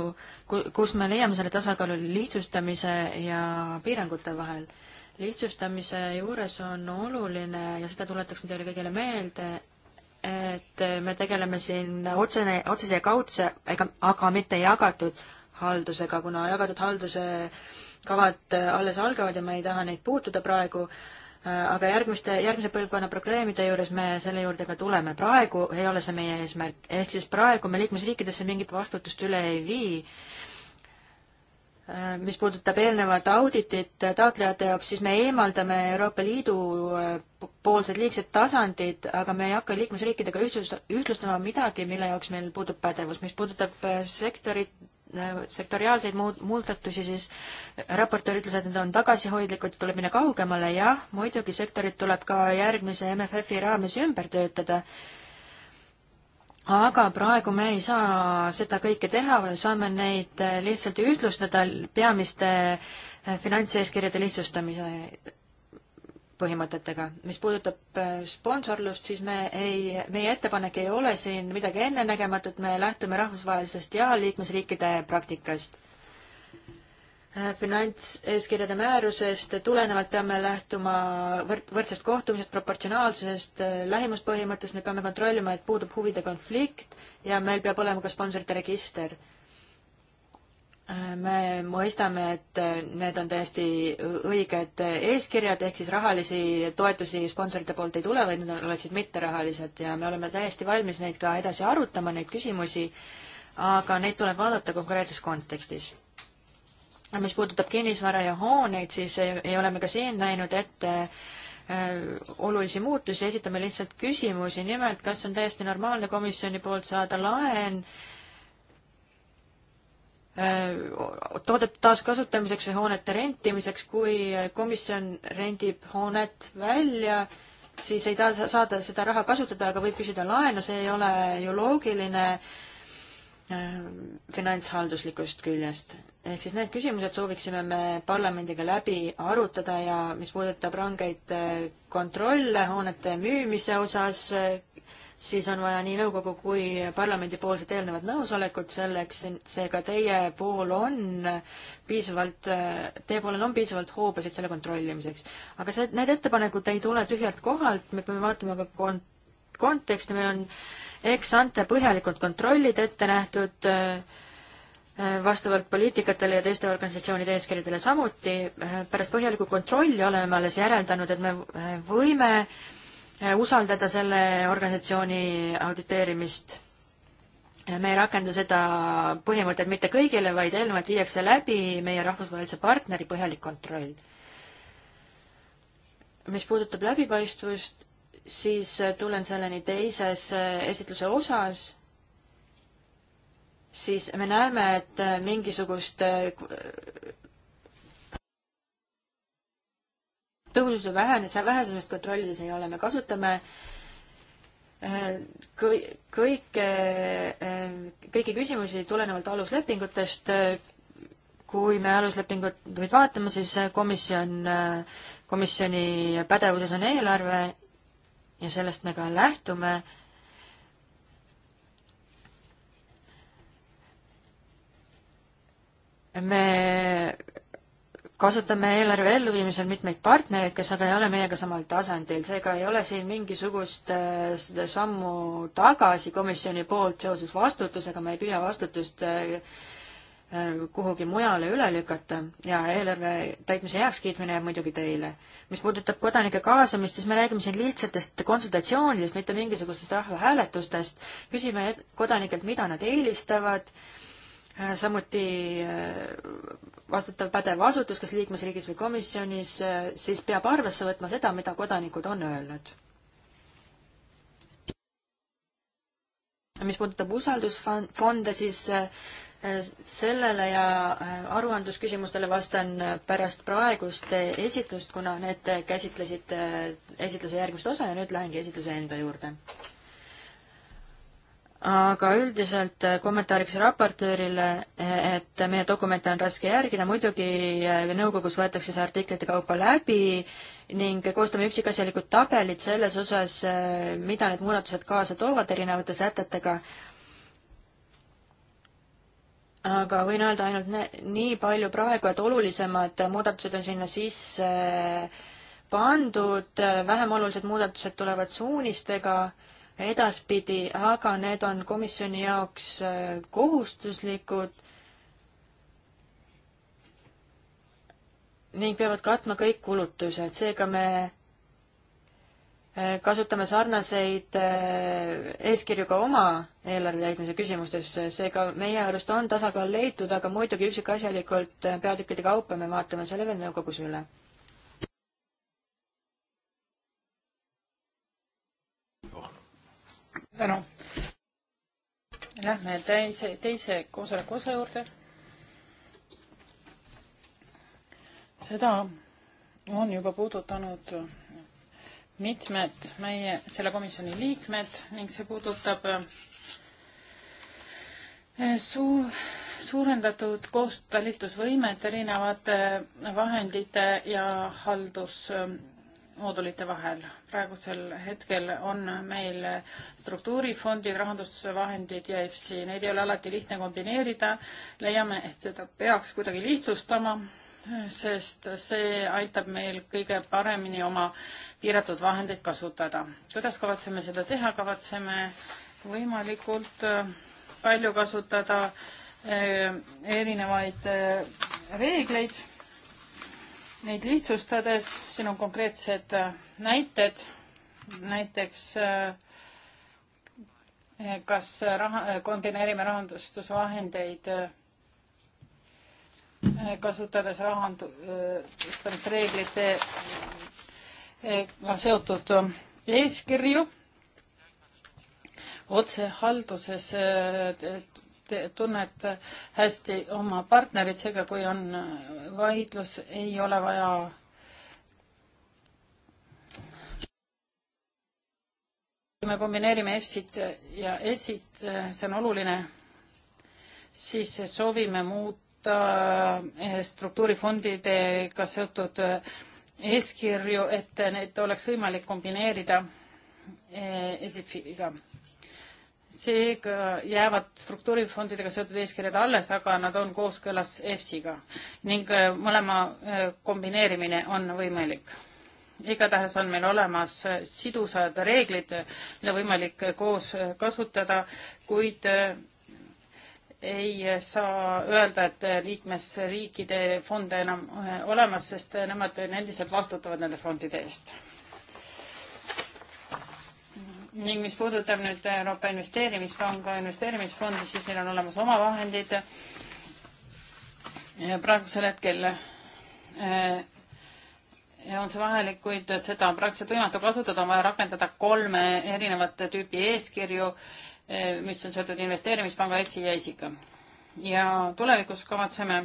kus me leiame selle tasakaalu lihtsustamise ja piirangute vahel lihtsustamise juures on oluline ja seda tuletaksin teile kõigile meelde, et me tegeleme siin otsene, otsese ja kaudse, ega, aga mitte jagatud haldusega, kuna jagatud halduse kavad alles algavad ja me ei taha neid puutuda praegu, aga järgmiste, järgmise põlvkonna probleemide juures me selle juurde ka tuleme. praegu ei ole see meie eesmärk, ehk siis praegu me liikmesriikidesse mingit vastutust üle ei vii Äh, mis puudutab eelnevat auditit taotlejate jaoks, siis me eemaldame Euroopa Liidu äh, poolsed liigsed tasandid, aga me ei hakka liikmesriikidega ühtlust-, ühtlustama midagi, mille jaoks meil puudub pädevus. mis puudutab äh, sektorit, sektoriaalseid muud-, muudatusi, siis raportöör ütles, et need on tagasihoidlikud ja tuleb minna kaugemale, jah, muidugi sektorid tuleb ka järgmise MFF-i raames ümber töötada aga praegu me ei saa seda kõike teha, saame neid eh, lihtsalt ühtlustada peamiste eh, finantseeskirjade lihtsustamise põhimõtetega. mis puudutab eh, sponsorlust, siis me ei, meie ettepanek ei ole siin midagi ennenägematut, me lähtume rahvusvahelisest ja liikmesriikide praktikast. Äh, finantseeskirjade määrusest tulenevalt peame lähtuma võrd-, võrdsest kohtumisest, proportsionaalsusest, äh, lähimuspõhimõttest, me peame kontrollima, et puudub huvide konflikt ja meil peab olema ka sponsorite register. Äh, me mõistame, et need on täiesti õiged eeskirjad, ehk siis rahalisi toetusi sponsorite poolt ei tule, vaid need oleksid mitterahalised ja me oleme täiesti valmis neid ka edasi arutama, neid küsimusi, aga neid tuleb vaadata konkreetses kontekstis mis puudutab kinnisvara ja hooneid, siis ei, ei ole me ka siin näinud ette äh, olulisi muutusi, esitame lihtsalt küsimusi, nimelt kas on täiesti normaalne komisjoni poolt saada laen äh, toodete taaskasutamiseks või hoonete rentimiseks, kui komisjon rendib hoonet välja, siis ei taha saada seda raha kasutada, aga võib küsida laenu, see ei ole ju loogiline äh, finantshalduslikust küljest ehk siis need küsimused sooviksime me parlamendiga läbi arutada ja mis puudutab rangeid eh, kontrolle hoonete müümise osas, siis on vaja nii nõukogu kui parlamendipoolset eelnevat nõusolekut selleks, seega teie pool on piisavalt, eh, teie poolel on piisavalt hoobasid selle kontrollimiseks. aga see, need ettepanekud ei tule tühjalt kohalt, me peame vaatama ka kont-, konteksti, meil on ex-ante põhjalikud kontrollid ette nähtud äh, Äh, vastavalt poliitikatele ja teiste organisatsioonide eeskirjadele samuti. Äh, pärast põhjalikku kontrolli oleme alles järeldanud, et me äh, võime usaldada selle organisatsiooni auditeerimist. me ei rakenda seda põhimõtet mitte kõigile, vaid eelnevalt viiakse läbi meie rahvusvahelise partneri põhjalik kontroll. mis puudutab läbipaistvust, siis tulen selleni teises esitluse osas siis me näeme, et mingisugust tõhususe vähenes, vähesemist kontrollides ei ole, me kasutame eh, kõi-, kõike, eh, kõiki küsimusi tulenevalt aluslepingutest, kui me aluslepingut nüüd vaatame, siis komisjon, eh, komisjoni pädevuses on eelarve ja sellest me ka lähtume me kasutame eelarve elluviimisel mitmeid partnereid, kes aga ei ole meiega samal tasandil, seega ei ole siin mingisugust seda äh, sammu tagasi komisjoni poolt seoses vastutusega, me ei püüa vastutust äh, äh, kuhugi mujale üle lükata ja eelarve täitmise heakskiitmine jääb muidugi teile. mis puudutab kodanike kaasamist, siis me räägime siin lihtsatest konsultatsioonidest, mitte mingisugustest rahvahääletustest, küsime kodanikelt, mida nad eelistavad Äh, samuti äh, vastutav pädev asutus, kas liikmesriigis või komisjonis, äh, siis peab arvesse võtma seda, mida kodanikud on öelnud. mis puudutab usaldusfonde, siis sellele ja aruandlusküsimustele vastan pärast praegust esitlust, kuna need käsitlesid esitluse järgmist osa ja nüüd lähengi esitluse enda juurde aga üldiselt eh, kommentaariks raportöörile, eh, et meie dokumente on raske järgida, muidugi eh, nõukogus võetakse see artiklite kaupa läbi ning koostame üksikasjalikud tabelid selles osas, mida need muudatused kaasa toovad erinevate sätetega. aga võin öelda ainult nii palju praegu, et olulisemad muudatused on sinna sisse pandud, vähem olulised muudatused tulevad suunistega edaspidi, aga need on komisjoni jaoks äh, kohustuslikud ning peavad katma kõik kulutused, seega me äh, kasutame sarnaseid äh, eeskirju ka oma eelarve täitmise küsimustes, seega meie arust on tasakaal leitud, aga muidugi üksikasjalikult peatükkide kaupa me vaatame selle veel nõukogus üle tänu. Lähme teise, teise koosoleku osa juurde. seda on juba puudutanud mitmed meie selle komisjoni liikmed ning see puudutab eh, suur, suurendatud koostalitusvõimet erinevate vahendite ja haldus eh, moodulite vahel. praegusel hetkel on meil struktuurifondid, rahandusvahendid ja EFSI, neid ei ole alati lihtne kombineerida. leiame, et seda peaks kuidagi lihtsustama, sest see aitab meil kõige paremini oma piiratud vahendeid kasutada. kuidas kavatseme seda teha, kavatseme võimalikult äh, palju kasutada äh, erinevaid äh, reegleid neid lihtsustades, siin on konkreetsed äh, näited, näiteks äh, äh, kas raha, kombineerime rahandustusvahendeid kasutades rahandustamisreeglitega seotud eeskirju otsehalduses tunned hästi oma partnerit, seega kui on vaidlus, ei ole vaja kui me kombineerime F-sid ja S-id, see on oluline, siis soovime muuta eh, struktuurifondidega seotud eh, eeskirju, et neid oleks võimalik kombineerida eh, ESIF-iga seega jäävad struktuurifondidega seotud eeskirjad alles, aga nad on kooskõlas EFSiga ning äh, mõlema äh, kombineerimine on võimalik. igatahes on meil olemas äh, sidusad reeglid, mida võimalik koos kasutada, kuid ei saa öelda, et liikmesriikide fonde enam olemas, sest nemad endiselt vastutavad nende fondide eest ning mis puudutab nüüd Euroopa Investeerimispanga investeerimisfondi, siis neil on olemas omavahendid. praegusel hetkel ja eh, on see vajalik, kuid seda on praktiliselt võimatu kasutada, on vaja rakendada kolme erinevat tüüpi eeskirju, eh, mis on seotud investeerimispanga EFSI ja ESIga. ja tulevikus kavatseme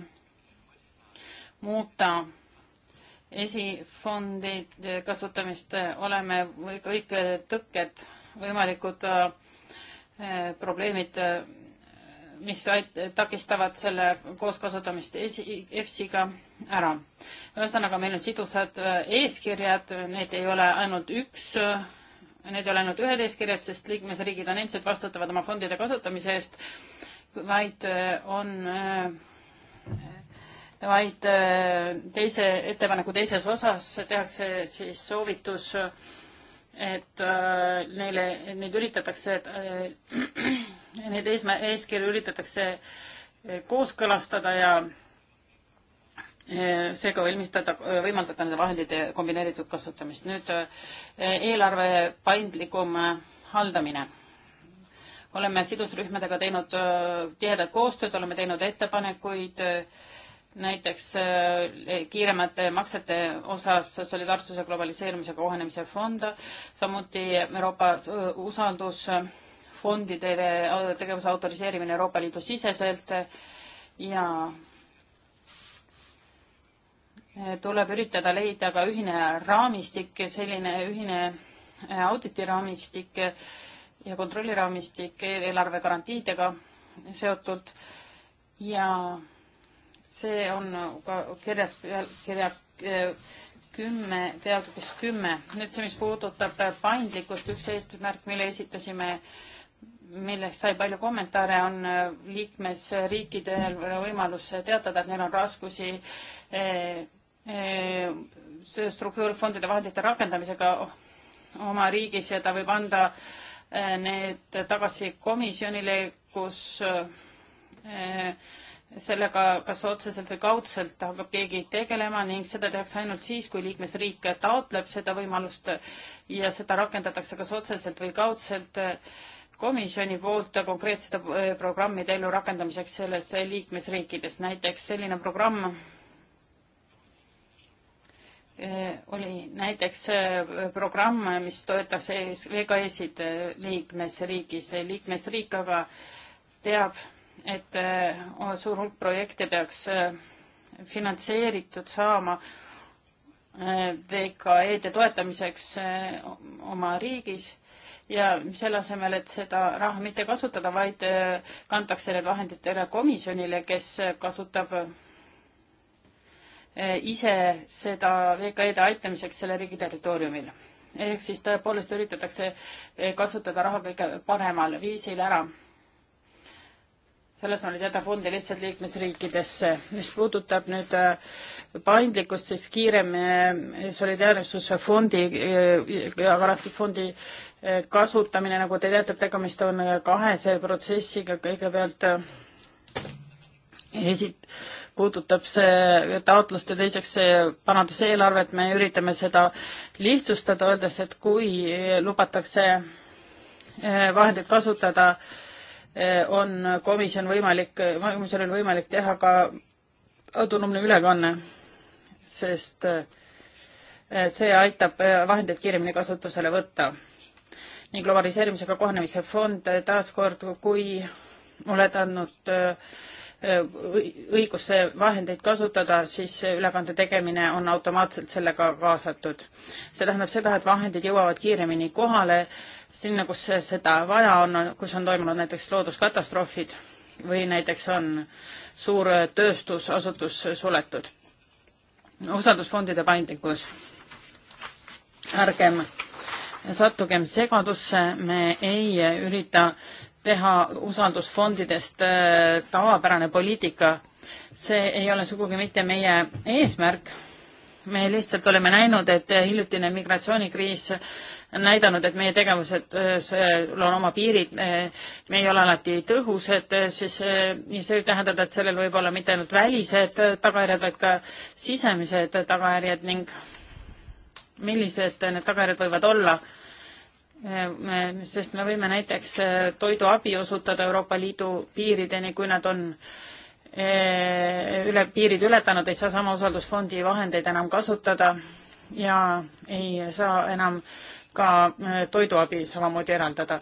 muuta esifondi kasutamist, oleme kõik tõkked võimalikud äh, äh, probleemid, äh, mis takistavad selle kooskasutamist EFSiga ära. ühesõnaga, meil on sidusad eeskirjad, need ei ole ainult üks need ei ole ainult ühed eeskirjad, sest liikmesriigid on endiselt vastutavad oma fondide kasutamise eest, vaid on, vaid teise, ettepaneku teises osas tehakse siis soovitus äh, et äh, neile, neid üritatakse, äh, *clears throat* neid eesmä-, eeskirju üritatakse äh, kooskõlastada ja seega valmistada, võimaldada nende vahendite kombineeritud kasutamist. nüüd eelarve paindlikum haldamine. oleme sidusrühmadega teinud tihedat koostööd, oleme teinud ettepanekuid äh, näiteks eh, kiiremate maksete osas solidaarsuse globaliseerimise kohanemise fond, samuti Euroopa eh, usaldusfondidele eh, tegevuse autoriseerimine Euroopa Liidu siseselt ja tuleb üritada leida ka ühine raamistik, selline ühine auditiraamistik ja kontrolliraamistik eelarve garantiidega seotult ja see on ka kirjas, kirja eh, kümme, teaduses kümme. nüüd see, mis puudutab paindlikkust, üks eesmärk, mille esitasime, millest sai palju kommentaare, on eh, liikmesriikidel võimalus teatada, et neil on raskusi eh, struktuurifondide vahendite rakendamisega oma riigis ja ta võib anda need tagasi komisjonile, kus sellega kas otseselt või kaudselt hakkab keegi tegelema ning seda tehakse ainult siis, kui liikmesriik taotleb seda võimalust ja seda rakendatakse kas otseselt või kaudselt komisjoni poolt konkreetsete eh, programmide ellurakendamiseks selles liikmesriikides. näiteks selline programm eh, oli näiteks eh, programm, mis toetas e VKS-id e liikmesriigis, liikmesriik aga teab, et äh, suur hulk projekte peaks äh, finantseeritud saama äh, VKE-de toetamiseks oma riigis ja selle asemel, et seda raha mitte kasutada, vaid kantakse need vahendid üle komisjonile, kes kasutab ise seda VKE-de aitamiseks selle riigi territooriumil. ehk siis tõepoolest üritatakse kasutada raha kõige paremal viisil ära selles on teada fonde lihtsalt liikmesriikidesse. mis puudutab nüüd äh, paindlikkust, siis kiirem äh, solidaarsusfondi äh, ja garantiifondi kasutamine, nagu te teate, tegemist on kahese protsessiga, kõigepealt esit-, puudutab see taotlust ja teiseks see paranduseelarvet, me üritame seda lihtsustada, öeldes, et kui lubatakse vahendeid kasutada äh, Eh, on komisjon võimalik, komisjonil on võimalik teha ka autonoomne ülekanne, sest eh, see aitab eh, vahendeid kiiremini kasutusele võtta. nii globaliseerimisega kohanemise fond taaskord, kui oled andnud õiguse vahendeid kasutada, siis ülekande tegemine on automaatselt sellega kaasatud. see tähendab seda, et vahendid jõuavad kiiremini kohale sinna, kus seda vaja on, kus on toimunud näiteks looduskatastroofid või näiteks on suur tööstusasutus suletud. usaldusfondide paindlikkus. ärgem sattugem segadusse, me ei ürita teha usaldusfondidest äh, tavapärane poliitika. see ei ole sugugi mitte meie eesmärk me lihtsalt oleme näinud, et hiljutine migratsioonikriis on näidanud, et meie tegevused, seal on oma piirid, me ei ole alati tõhusad, siis see võib tähendada, et sellel võib olla mitte ainult välised tagajärjed, vaid ka sisemised tagajärjed ning millised need tagajärjed võivad olla. sest me võime näiteks toiduabi osutada Euroopa Liidu piirideni, kui nad on äh, Äh, üle piirid ületanud, ei saa sama usaldusfondi vahendeid enam kasutada ja ei saa enam ka äh, toiduabi samamoodi eraldada.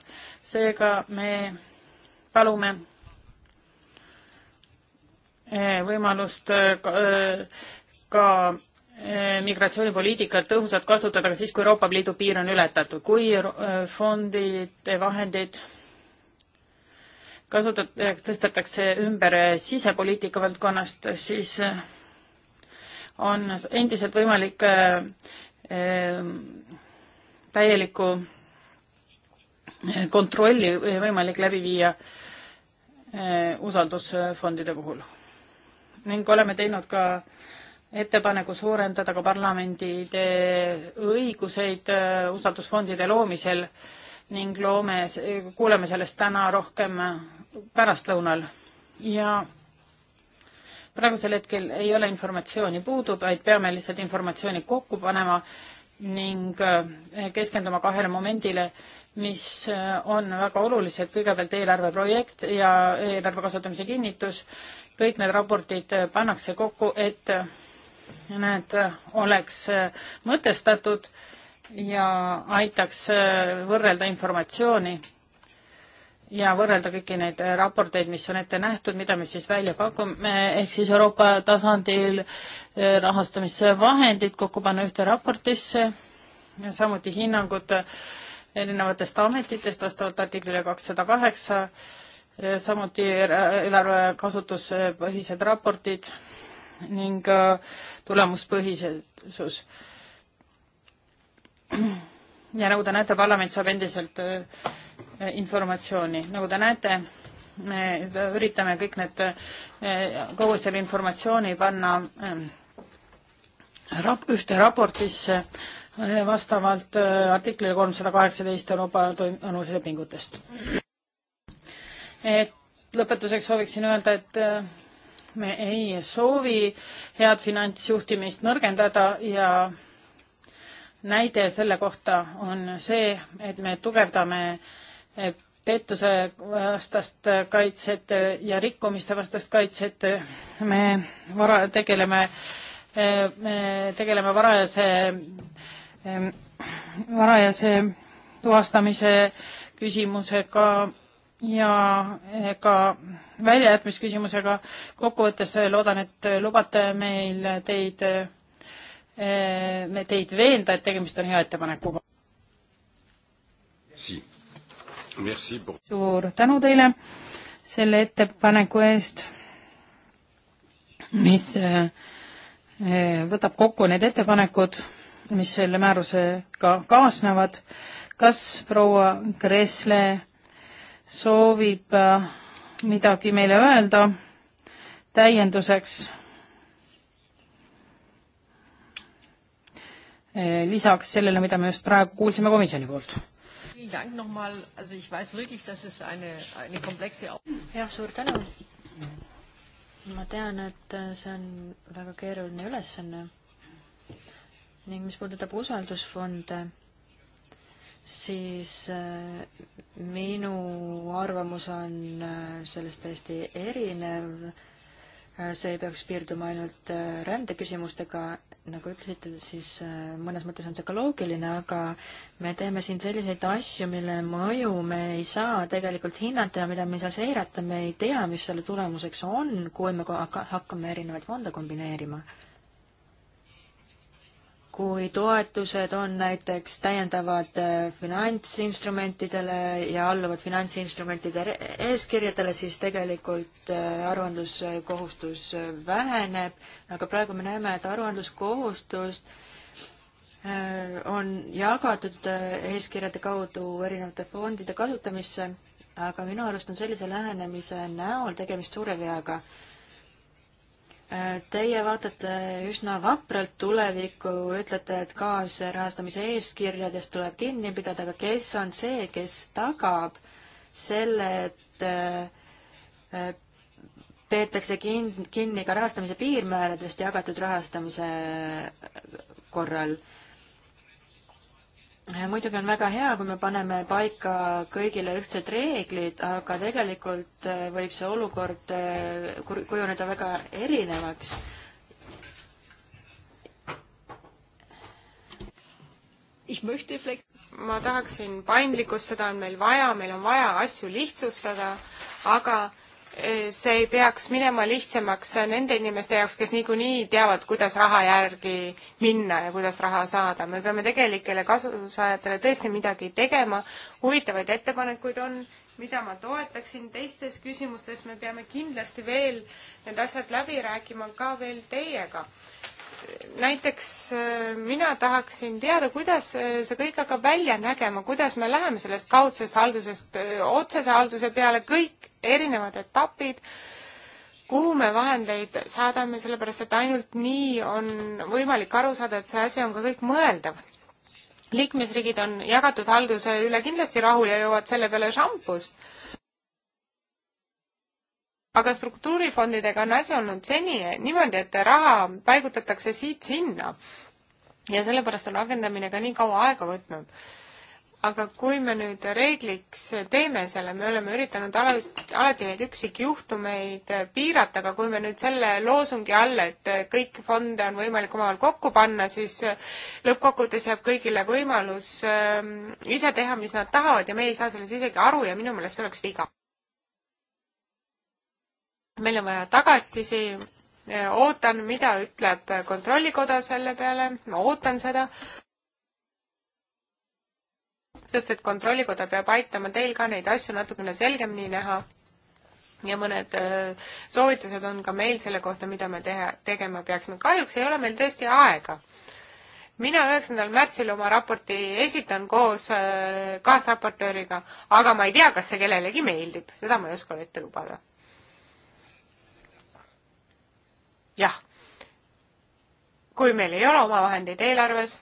seega me palume äh, võimalust ka, ka migratsioonipoliitikat tõhusalt kasutada ka siis, kui Euroopa Liidu piir on ületatud. kui fondid, vahendid kasutab, eh, tõstetakse ümber sisepoliitika valdkonnast, siis eh, on endiselt võimalik eh, täielikku kontrolli võimalik läbi viia usaldusfondide puhul. ning oleme teinud ka ettepaneku suurendada ka parlamendide õiguseid usaldusfondide loomisel ning loome, kuuleme sellest täna rohkem pärastlõunal ja praegusel hetkel ei ole informatsiooni puudu, vaid peame lihtsalt informatsiooni kokku panema ning äh, keskenduma kahele momendile, mis äh, on väga olulised, kõigepealt eelarveprojekt ja eelarve kasutamise kinnitus. kõik need raportid äh, pannakse kokku, et need oleks mõtestatud ja aitaks võrrelda informatsiooni ja võrrelda kõiki neid raporteid, mis on ette nähtud, mida me siis välja pakume, ehk siis Euroopa tasandil eh, rahastamisvahendid kokku panna ühte raportisse ja samuti hinnangud erinevatest ametitest vastavalt artiklile kakssada kaheksa, eh, samuti eelarve kasutuspõhised raportid ning eh, tulemuspõhisus. ja nagu te näete, parlament saab endiselt informatsiooni. nagu te näete, me üritame kõik need, eh, kogu selle informatsiooni panna eh, rap-, ühte raportisse eh, vastavalt artiklile kolmsada kaheksateist Euroopa aluslepingutest. et lõpetuseks sooviksin öelda, et me ei soovi head finantsjuhtimist nõrgendada ja näide selle kohta on see, et me tugevdame äh, pettuse vastast kaitset ja rikkumiste vastast kaitset. me vara-, tegeleme, me tegeleme varajase, varajase tuvastamise küsimusega ja ka väljajätmisküsimusega. kokkuvõttes loodan, et lubate meil teid, me teid veenda, et tegemist on hea ettepanekuga. Si suur tänu teile selle ettepaneku eest, mis eh, eh, võtab kokku need ettepanekud, mis selle määrusega ka kaasnevad. kas proua Kresle soovib eh, midagi meile öelda täienduseks? lisaks sellele, mida me just praegu kuulsime komisjoni poolt vielen Dank nochmal. Also ich weiß wirklich, dass es eine, eine komplexe Au- jah, suur tänu. ma tean, et äh, see on väga keeruline ülesanne ning mis puudutab usaldusfonde, siis äh, minu arvamus on äh, sellest täiesti erinev Äh, see ei peaks piirduma ainult äh, rändeküsimustega, nagu ütlesite, siis äh, mõnes mõttes on see ka loogiline, aga me teeme siin selliseid asju, mille mõju me ei saa tegelikult hinnata ja mida me ei saa seirata, me ei tea, mis selle tulemuseks on, kui me hakkame erinevaid fonde kombineerima kui toetused on näiteks täiendavad äh, finantsinstrumentidele ja alluvad finantsinstrumentide eeskirjadele, siis tegelikult äh, aruandluskohustus äh, väheneb, aga praegu me näeme, et aruandluskohustust on jagatud eeskirjade kaudu erinevate fondide kasutamisse, aga minu arust on sellise lähenemise näol tegemist suure veaga Teie vaatate üsna vapralt tulevikku, ütlete, et kaasrahastamise eeskirjadest tuleb kinni pidada, aga kes on see, kes tagab selle, et äh, peetakse kin-, kinni ka rahastamise piirmääradest jagatud rahastamise korral? Äh, muidugi on väga hea, kui me paneme paika kõigile ühtsed reeglid, aga tegelikult äh, võib see olukord äh, kujuneda väga erinevaks. ma tahaksin paindlikkust, seda on meil vaja, meil on vaja asju lihtsustada, aga see ei peaks minema lihtsamaks nende inimeste jaoks, kes niikuinii teavad, kuidas raha järgi minna ja kuidas raha saada. me peame tegelikele kasusaajatele tõesti midagi tegema. huvitavaid ettepanekuid on, mida ma toetaksin. teistes küsimustes me peame kindlasti veel need asjad läbi rääkima ka veel teiega näiteks äh, mina tahaksin teada, kuidas äh, see kõik hakkab välja nägema, kuidas me läheme sellest kaudsest haldusest äh, otsese halduse peale, kõik erinevad etapid, kuhu me vahendeid saadame, sellepärast et ainult nii on võimalik aru saada, et see asi on ka kõik mõeldav. liikmesriigid on jagatud halduse üle kindlasti rahul ja jõuavad selle peale šampust aga struktuurifondidega on asi olnud seni niimoodi, et raha paigutatakse siit-sinna ja sellepärast on rakendamine ka nii kaua aega võtnud. aga kui me nüüd reegliks teeme selle, me oleme üritanud alati, alati neid üksikjuhtumeid piirata, aga kui me nüüd selle loosungi all, et kõiki fonde on võimalik omavahel kokku panna, siis lõppkokkuvõttes jääb kõigile võimalus ähm, ise teha, mis nad tahavad ja me ei saa sellest isegi aru ja minu meelest see oleks viga meil on vaja tagatisi, ootan, mida ütleb Kontrollikoda selle peale, ma ootan seda. sest et Kontrollikoda peab aitama teil ka neid asju natukene selgemini näha. ja mõned äh, soovitused on ka meil selle kohta, mida me teha, tegema peaksime. kahjuks ei ole meil tõesti aega mina üheksandal märtsil oma raporti esitan koos äh, kaasraportööriga, aga ma ei tea, kas see kellelegi meeldib, seda ma ei oska ette lubada. jah, kui meil ei ole omavahendeid eelarves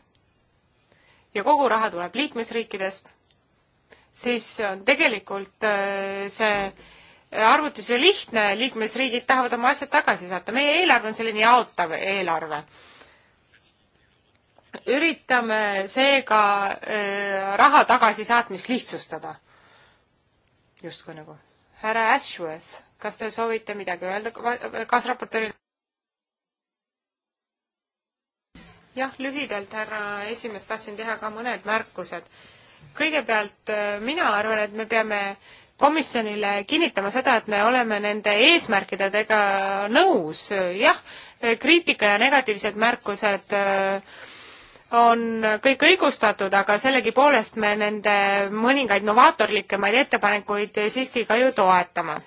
ja kogu raha tuleb liikmesriikidest, siis on tegelikult äh, see arvutus ju lihtne, liikmesriigid tahavad oma asjad tagasi saata, meie eelarve on selline jaotav eelarve. üritame seega äh, raha tagasisaatmist lihtsustada. justkui nagu. härra Ashworth, kas te soovite midagi öelda kaasraportööril? jah, lühidalt, härra esimees, tahtsin teha ka mõned märkused. kõigepealt äh, mina arvan, et me peame komisjonile kinnitama seda, et me oleme nende eesmärkidega nõus, jah, kriitika ja negatiivsed märkused äh, on kõik õigustatud, aga sellegipoolest me nende mõningaid novaatorlikemaid ettepanekuid siiski ka ju toetame.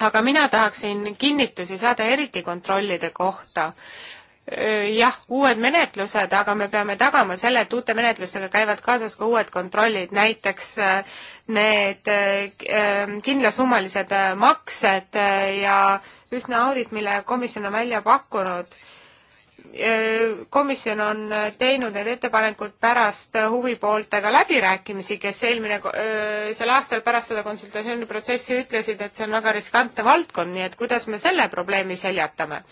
aga mina tahaksin kinnitusi saada eriti kontrollide kohta Äh, jah, uued menetlused, aga me peame tagama selle, et uute menetlustega käivad kaasas ka uued kontrollid, näiteks äh, need äh, kindlasummalised maksed ja ühtne audit, mille komisjon on välja pakkunud komisjon on teinud need ettepanekud pärast huvipooltega läbirääkimisi, kes eelmine, sel aastal pärast seda konsultatsiooniprotsessi ütlesid, et see on väga riskantne valdkond, nii et kuidas me selle probleemi seljatame.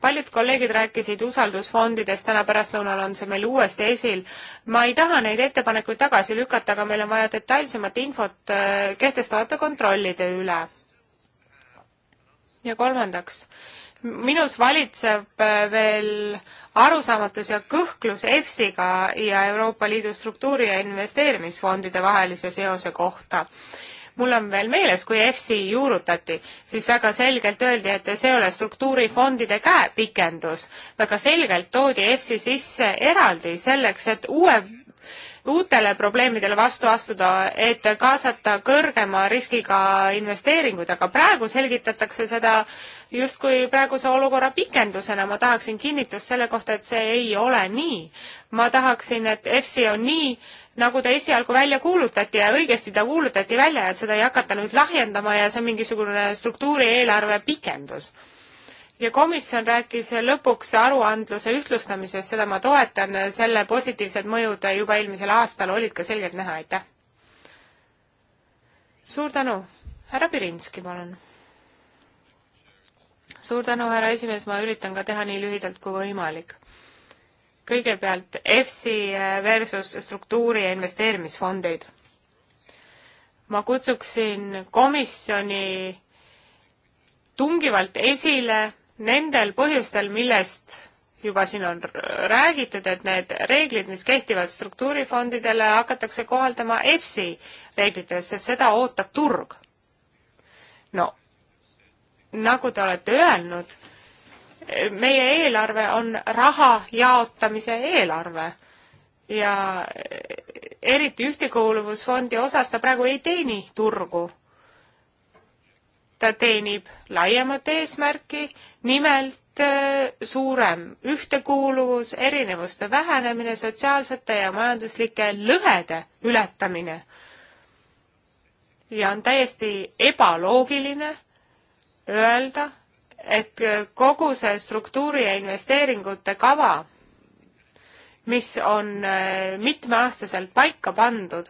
paljud kolleegid rääkisid usaldusfondidest, täna pärastlõunal on see meil uuesti esil. ma ei taha neid ettepanekuid tagasi lükata, aga meil on vaja detailsemat infot kehtestavate kontrollide üle. ja kolmandaks minus valitseb äh, veel arusaamatus ja kõhklus EFSiga ja Euroopa Liidu struktuuri- ja investeerimisfondide vahelise seose kohta. mul on veel meeles, kui EFSi juurutati, siis väga selgelt öeldi, et see ei ole struktuurifondide käepikendus. väga selgelt toodi EFSi sisse eraldi selleks, et uue uutele probleemidele vastu astuda, et kaasata kõrgema riskiga investeeringuid, aga praegu selgitatakse seda justkui praeguse olukorra pikendusena, ma tahaksin kinnitust selle kohta, et see ei ole nii. ma tahaksin, et EFSI on nii, nagu ta esialgu välja kuulutati ja õigesti ta kuulutati välja, et seda ei hakata nüüd lahjendama ja see on mingisugune struktuurieelarve pikendus ja komisjon rääkis lõpuks aruandluse ühtlustamisest, seda ma toetan, selle positiivsed mõjud juba eelmisel aastal olid ka selgelt näha, aitäh! suur tänu! härra Pirinski, palun! suur tänu, härra esimees, ma üritan ka teha nii lühidalt kui võimalik. kõigepealt EFSI versus struktuuri ja investeerimisfondid. ma kutsuksin komisjoni tungivalt esile nendel põhjustel, millest juba siin on räägitud, et need reeglid, mis kehtivad struktuurifondidele, hakatakse kohaldama EFSI reeglites, sest seda ootab turg. no nagu te olete öelnud, meie eelarve on raha jaotamise eelarve ja eriti ühtekuuluvusfondi osas ta praegu ei teeni turgu ta teenib laiemat eesmärki, nimelt äh, suurem ühtekuuluvus, erinevuste vähenemine, sotsiaalsete ja majanduslike lõhede ületamine. ja on täiesti ebaloogiline öelda, et kogu see struktuuri ja investeeringute kava, mis on äh, mitmeaastaselt paika pandud,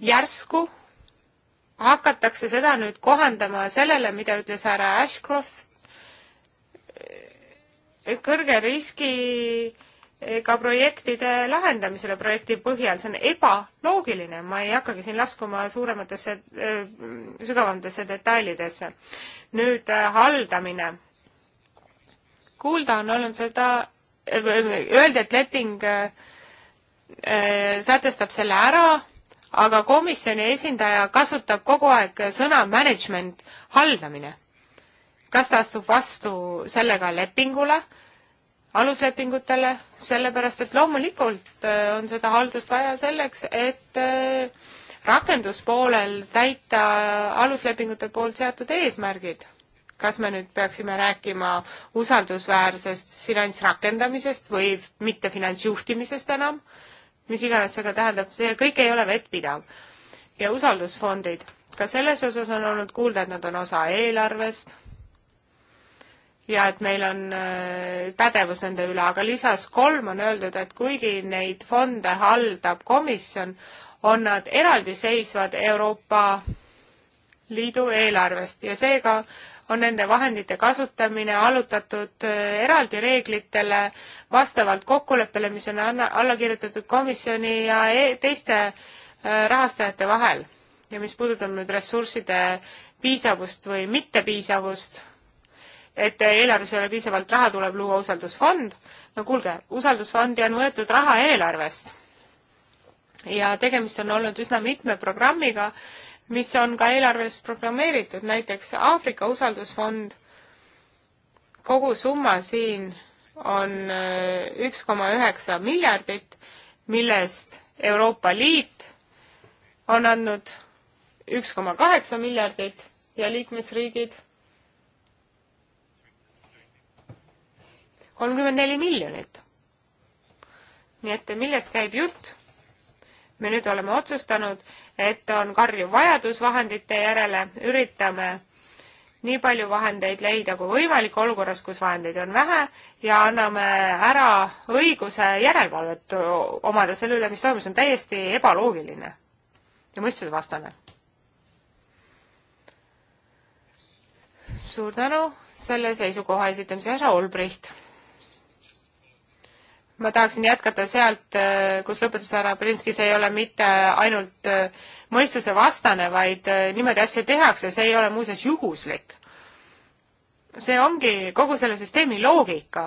järsku hakatakse seda nüüd kohandama sellele, mida ütles härra Ashcroft, kõrge riskiga eh, projektide lahendamisele projekti põhjal, see on ebaloogiline, ma ei hakkagi siin laskuma suurematesse, eh, sügavamatesse detailidesse. nüüd eh, haldamine. kuulda on olnud seda, öeldi, et leping sätestab selle ära, aga komisjoni esindaja kasutab kogu aeg sõna management, haldamine. kas ta astub vastu sellega lepingule, aluslepingutele, sellepärast et loomulikult äh, on seda haldust vaja selleks, et äh, rakenduspoolel täita aluslepingute poolt seatud eesmärgid. kas me nüüd peaksime rääkima usaldusväärsest finantsrakendamisest või mitte finantsjuhtimisest enam? mis iganes see ka tähendab, see kõik ei ole vettpidav. ja usaldusfondid, ka selles osas on olnud kuulda, et nad on osa eelarvest ja et meil on äh, pädevus nende üle, aga lisas kolm on öeldud, et kuigi neid fonde haldab komisjon, on nad eraldiseisvad Euroopa Liidu eelarvest ja seega on nende vahendite kasutamine allutatud äh, eraldi reeglitele vastavalt kokkuleppele, mis on alla kirjutatud komisjoni ja e teiste äh, rahastajate vahel. ja mis puudutab nüüd ressursside piisavust või mittepiisavust, et eelarves ei ole piisavalt raha, tuleb luua usaldusfond, no kuulge, usaldusfondi on võetud raha eelarvest ja tegemist on olnud üsna mitme programmiga mis on ka eelarves programmeeritud, näiteks Aafrika usaldusfond, kogu summa siin on äh, üks koma üheksa miljardit, millest Euroopa Liit on andnud üks koma kaheksa miljardit ja liikmesriigid kolmkümmend neli miljonit. nii et millest käib jutt? me nüüd oleme otsustanud, et on karjuv vajadus vahendite järele, üritame nii palju vahendeid leida kui võimalik olukorras, kus vahendeid on vähe ja anname ära õiguse järelevalvet omada selle üle, mis toimub, see on täiesti ebaloogiline ja mõistusevastane. suur tänu selle seisukoha esitamise, härra Olbricht ma tahaksin jätkata sealt, äh, kus lõpetas härra Prinski, see ei ole mitte ainult äh, mõistusevastane, vaid äh, niimoodi asju tehakse, see ei ole muuseas juhuslik. see ongi kogu selle süsteemi loogika.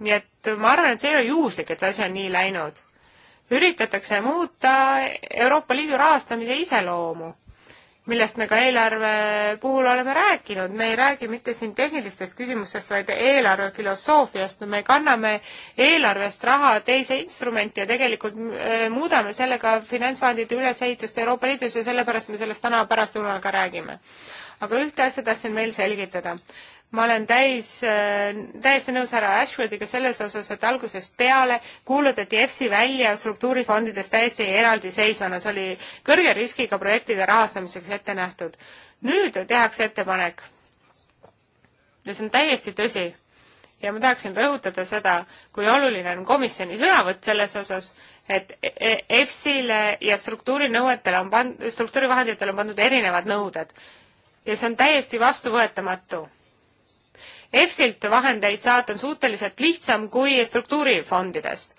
nii et ma arvan, et see ei ole juhuslik, et see asi on nii läinud. üritatakse muuta Euroopa Liidu rahastamise iseloomu millest me ka eelarve puhul oleme rääkinud, me ei räägi mitte siin tehnilistest küsimustest, vaid eelarve filosoofiast, me kanname eelarvest raha teise instrumenti ja tegelikult äh, muudame sellega finantsvahendite ülesehitust Euroopa Liidus ja sellepärast me sellest täna pärastlõunal ka räägime aga ühte asja tahtsin veel selgitada. ma olen täis, äh, täiesti nõus härra Ashwordiga selles osas, et algusest peale kuulutati EFSI välja struktuurifondidest täiesti eraldiseisvana, see oli kõrge riskiga projektide rahastamiseks ette nähtud. nüüd tehakse ettepanek ja see on täiesti tõsi ja ma tahaksin rõhutada seda, kui oluline on komisjoni sõnavõtt selles osas, et e-, e-, EFSile ja struktuurinõuetele on pand-, struktuurivahenditele on pandud erinevad nõuded ja see on täiesti vastuvõetamatu. EFSilt vahendeid saada on suhteliselt lihtsam kui struktuurifondidest.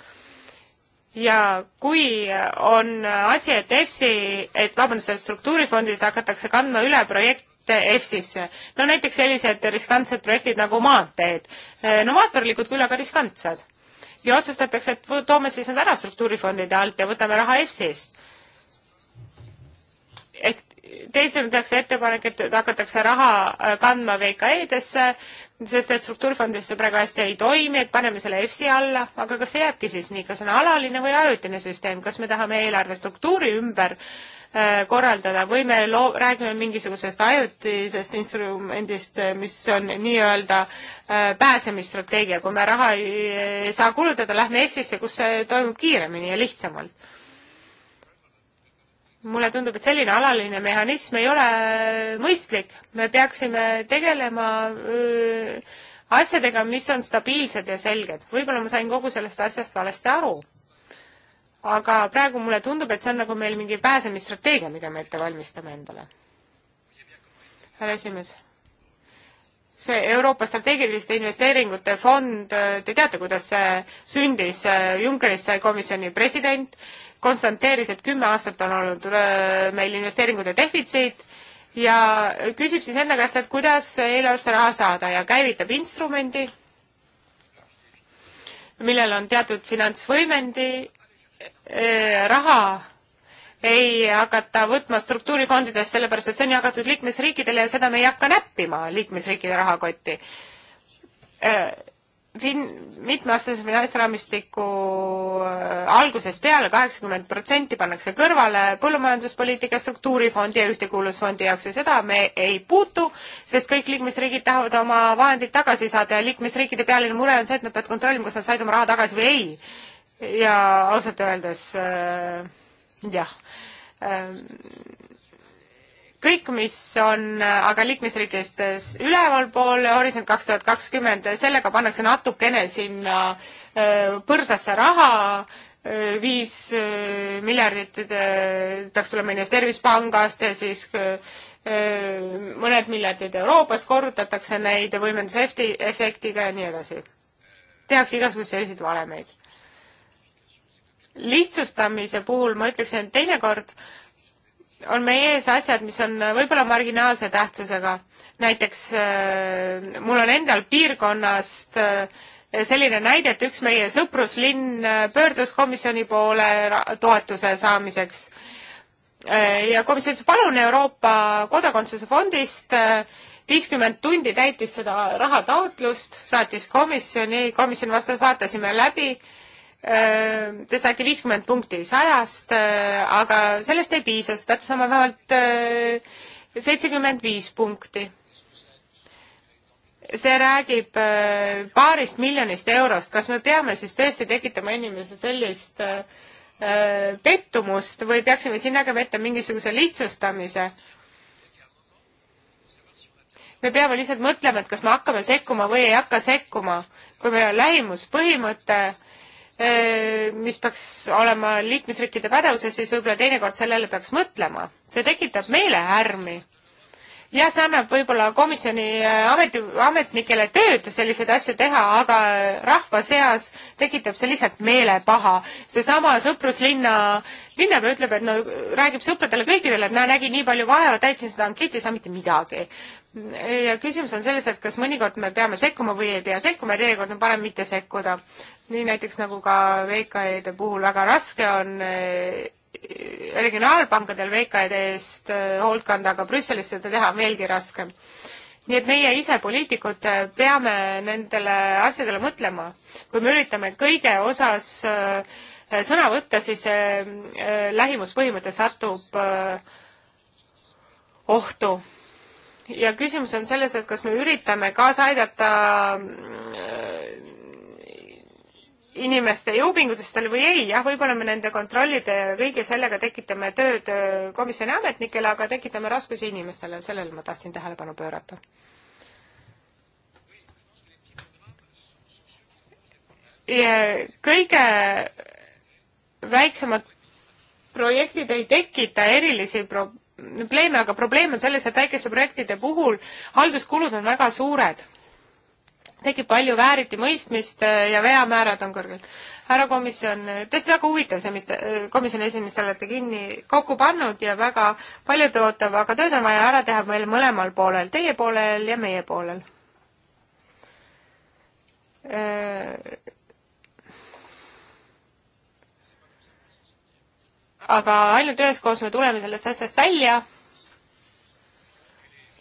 ja kui on asi, et EFSi, et vabandust, et struktuurifondis hakatakse kandma üle projekte EFSisse, no näiteks sellised riskantsed projektid nagu maanteed, eh, novaatorlikud küll, aga riskantsed. ja otsustatakse, et toome siis need ära struktuurifondide alt ja võtame raha EFSist teisena tehakse ettepanek, et hakatakse raha äh, kandma VKE-desse, sest et struktuurifondidesse praegu hästi ei toimi, et paneme selle EFSI alla, aga kas see jääbki siis nii, kas on alaline või ajutine süsteem, kas me tahame eelarve struktuuri ümber äh, korraldada või me loo-, räägime mingisugusest ajutisest instrumendist, äh, mis on nii-öelda äh, pääsemisstrateegia, kui me raha ei, ei saa kulutada, lähme EFSI-sse, kus see toimub kiiremini ja lihtsamalt mulle tundub, et selline alaline mehhanism ei ole äh, mõistlik. me peaksime tegelema öö, äh, asjadega, mis on stabiilsed ja selged. võib-olla ma sain kogu sellest asjast valesti aru. aga praegu mulle tundub, et see on nagu meil mingi pääsemisstrateegia, mida me ette valmistame endale. härra esimees see Euroopa strateegiliste investeeringute fond, äh, te teate, kuidas see sündis, Junckerist sai komisjoni president konstanteeris, et kümme aastat on olnud äh, meil investeeringute defitsiit ja küsib siis enda käest, et kuidas eelarvesse raha saada ja käivitab instrumendi, millel on teatud finantsvõimendi, äh, raha ei hakata võtma struktuurifondidest, sellepärast et see on jagatud liikmesriikidele ja seda me ei hakka näppima liikmesriikide rahakotti äh, fin-, mitmeaastase finantsraamistiku äh, algusest peale kaheksakümmend protsenti pannakse kõrvale põllumajanduspoliitika struktuurifondi ja ühtekuuluvusfondi jaoks ja seda me ei puutu, sest kõik liikmesriigid tahavad oma vahendid tagasi saada ja liikmesriikide pealine mure on see, et nad peavad kontrollima, kas nad said oma raha tagasi või ei. ja ausalt öeldes äh, jah äh, kõik, mis on äh, aga liikmesriikidestes äh, ülevalpool Horisont kaks tuhat kakskümmend, äh, sellega pannakse natukene sinna põrsasse raha, viis miljardit peaks tulema investeerimispangast ja siis mõned miljardid Euroopas, korrutatakse neid võimendusefektiga ja nii edasi. tehakse igasuguseid selliseid valemeid. lihtsustamise puhul ma ütleksin, et teinekord äh, on meie ees asjad, mis on võib-olla marginaalse tähtsusega. näiteks äh, mul on endal piirkonnast äh, selline näide, et üks meie sõpruslinn äh, pöördus komisjoni poole toetuse saamiseks. ja komisjon ütles, palun Euroopa Kodakondsuse Fondist viiskümmend tundi täitis seda rahataotlust, saatis komisjoni, komisjon vastas, vaatasime läbi Äh, te saite viiskümmend punkti sajast, äh, aga sellest ei piisa, sest peate saama vähemalt äh, seitsekümmend viis punkti. see räägib paarist miljonist eurost, kas me peame siis tõesti tekitama inimese sellist pettumust või peaksime siin nägema ette mingisuguse lihtsustamise? me peame lihtsalt mõtlema, et kas me hakkame sekkuma või ei hakka sekkuma. kui meil on lähimuspõhimõte, Äh, mis peaks olema liikmesriikide pädevuses, siis võib-olla teinekord sellele peaks mõtlema. see tekitab meelehärmi. ja see annab võib-olla komisjoni äh, ameti, ametnikele tööd selliseid asju teha, aga rahva seas tekitab see lihtsalt meelepaha. seesama sõpruslinna linnapea ütleb, et no räägib sõpradele kõikidele, et näe, nägin nii palju vaeva, täitsin seda ankeeti, ei saa mitte midagi ja küsimus on selles, et kas mõnikord me peame sekkuma või ei pea sekkuma ja teinekord on parem mitte sekkuda. nii näiteks nagu ka VKE-de puhul väga raske on eh, regionaalpankadel VKE-de eest eh, hoolt kanda, aga Brüsselis seda teha on veelgi raskem. nii et meie ise, poliitikud, peame nendele asjadele mõtlema. kui me üritame kõige osas eh, sõna võtta, siis lähimuspõhimõte satub ohtu ja küsimus on selles, et kas me üritame kaasa aidata äh, inimeste jõupingutustel või ei, jah, võib-olla me nende kontrollide ja kõige sellega tekitame tööd äh, komisjoni ametnikele, aga tekitame raskusi inimestele, sellele ma tahtsin tähelepanu pöörata. kõige väiksemad projektid ei tekita erilisi pro-, probleeme, aga probleem on selles, et väikeste projektide puhul halduskulud on väga suured. tekib palju vääritimõistmist äh, ja veamäärad on kõrged. härra komisjon, äh, tõesti väga huvitav see, mis te, äh, komisjoni esimees, te olete kinni kokku pannud ja väga paljutootav, aga tööd on vaja ära teha meil mõlemal poolel, teie poolel ja meie poolel aga ainult üheskoos me tuleme sellest asjast välja.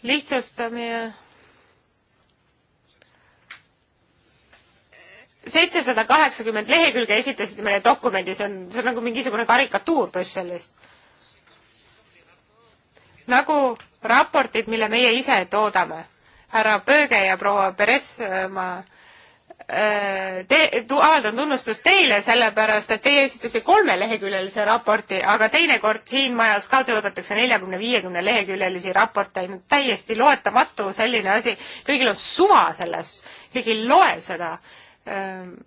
lihtsustamine. seitsesada kaheksakümmend lehekülge esitasite meile dokumendi, see on, see on nagu mingisugune karikatuur Brüsselist. nagu raportid, mille meie ise toodame. härra Pööge ja proua Peres, ma Äh, te-, avaldan tunnustust teile, sellepärast et teie esitasite kolmeleheküljelise raporti, aga teinekord siin majas ka töötatakse neljakümne, viiekümne leheküljelisi raporteid, täiesti loetamatu selline asi, kõigil on suva sellest, keegi ei loe seda. Ähm,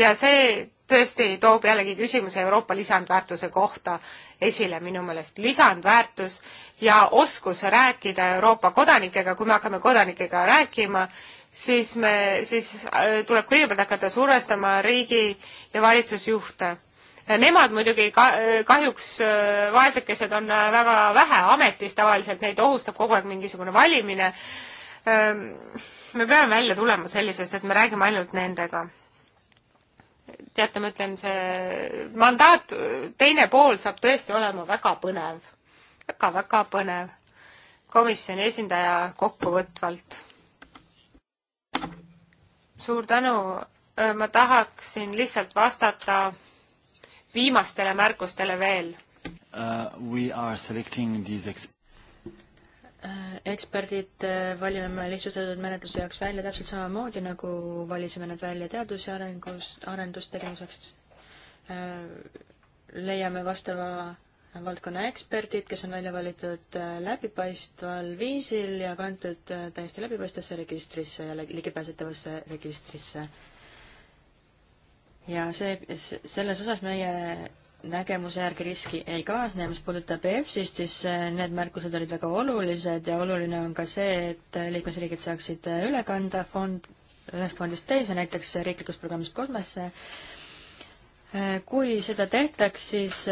ja see tõesti toob jällegi küsimuse Euroopa lisandväärtuse kohta esile minu meelest lisandväärtus ja oskus rääkida Euroopa kodanikega, kui me hakkame kodanikega rääkima, siis me, siis äh, tuleb kõigepealt hakata survestama riigi ja valitsusjuhte. Nemad muidugi ka-, äh, kahjuks äh, vaesekesed on väga vähe ametis tavaliselt, neid ohustab kogu aeg mingisugune valimine. Ähm, me peame välja tulema sellisest, et me räägime ainult nendega teate, ma ütlen, see mandaat, teine pool saab tõesti olema väga põnev väga,. väga-väga põnev. komisjoni esindaja kokkuvõtvalt. suur tänu, ma tahaksin lihtsalt vastata viimastele märkustele veel uh,. We are selecting these ex-. Äh, eksperdid äh, valime me lihtsustatud menetluse jaoks välja täpselt samamoodi, nagu valisime need välja teadus- ja arengus, arendustegevuseks. Äh, leiame vastava valdkonna eksperdid, kes on välja valitud läbipaistval viisil ja kantud täiesti läbipaistvasse registrisse ja ligipääsetavasse registrisse. ja see, selles osas meie nägemuse järgi riski ei kaasne, mis puudutab EFSist, siis äh, need märkused olid väga olulised ja oluline on ka see, et liikmesriigid saaksid äh, üle kanda fond, ühest fondist teise, näiteks riiklikust programmist kolmesse. Äh, kui seda tehtaks, siis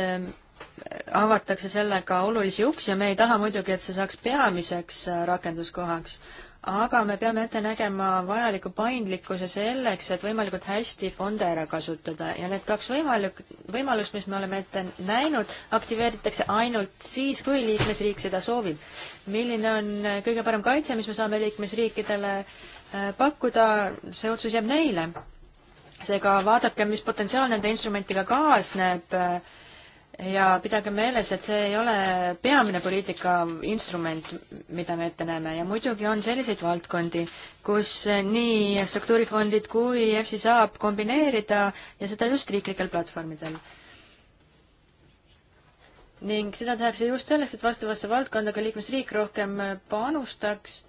avatakse sellega olulisi uksi ja me ei taha muidugi, et see saaks peamiseks rakenduskohaks aga me peame ette nägema vajaliku paindlikkuse selleks, et võimalikult hästi fonde ära kasutada ja need kaks võimalik, võimalust, mis me oleme ette näinud, aktiveeritakse ainult siis, kui liikmesriik seda soovib. milline on kõige parem kaitse, mis me saame liikmesriikidele äh, pakkuda, see otsus jääb neile. seega vaadake, mis potentsiaal nende instrumentiga kaasneb äh, ja pidage meeles, et see ei ole peamine poliitika instrument, mida me ette näeme ja muidugi on selliseid valdkondi, kus nii struktuurifondid kui EFSI saab kombineerida ja seda just riiklikel platvormidel ning seda tehakse just selleks, et vastavasse valdkonda ka liikmesriik rohkem panustaks,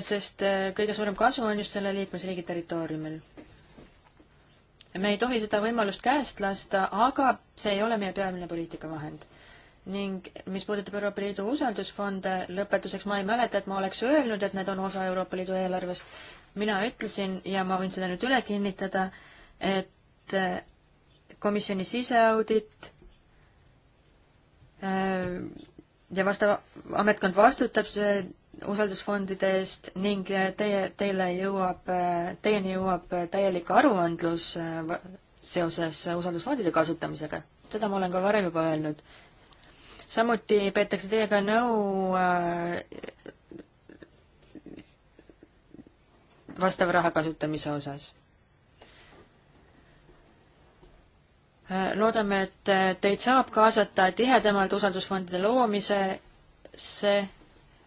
sest kõige suurem kasu on just selle liikmesriigi territooriumil me ei tohi seda võimalust käest lasta, aga see ei ole meie peamine poliitikavahend. ning mis puudutab Euroopa Liidu usaldusfonde, lõpetuseks ma ei mäleta, et ma oleks öelnud, et need on osa Euroopa Liidu eelarvest. mina ütlesin ja ma võin seda nüüd üle kinnitada, et eh, komisjoni siseaudit eh, ja vastav ametkond vastutab usaldusfondide eest ning teie, teile jõuab, teieni jõuab täielik aruandlus äh, seoses usaldusfondide kasutamisega. seda ma olen ka varem juba öelnud. samuti peetakse teiega nõu äh, vastava raha kasutamise osas äh, loodame, et teid saab kaasata tihedamalt usaldusfondide loomisesse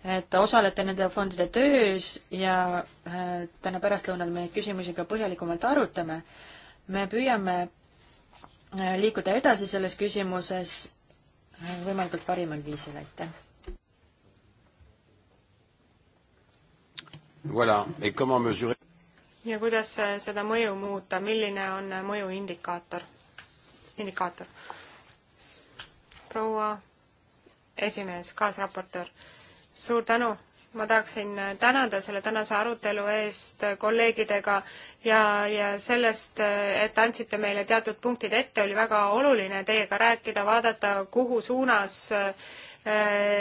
et osalete nende fondide töös ja äh, täna pärastlõunal me neid küsimusi ka põhjalikumalt arutame. me püüame äh, liikuda edasi selles küsimuses äh, võimalikult parimal viisil, aitäh. Voilà. Et comment mesurer ja kuidas seda mõju muuta, milline on mõju indikaator, indikaator? proua esimees, kaasraportöör suur tänu! ma tahaksin tänada selle tänase arutelu eest kolleegidega ja, ja sellest, et andsite meile teatud punktid ette, oli väga oluline teiega rääkida, vaadata, kuhu suunas äh,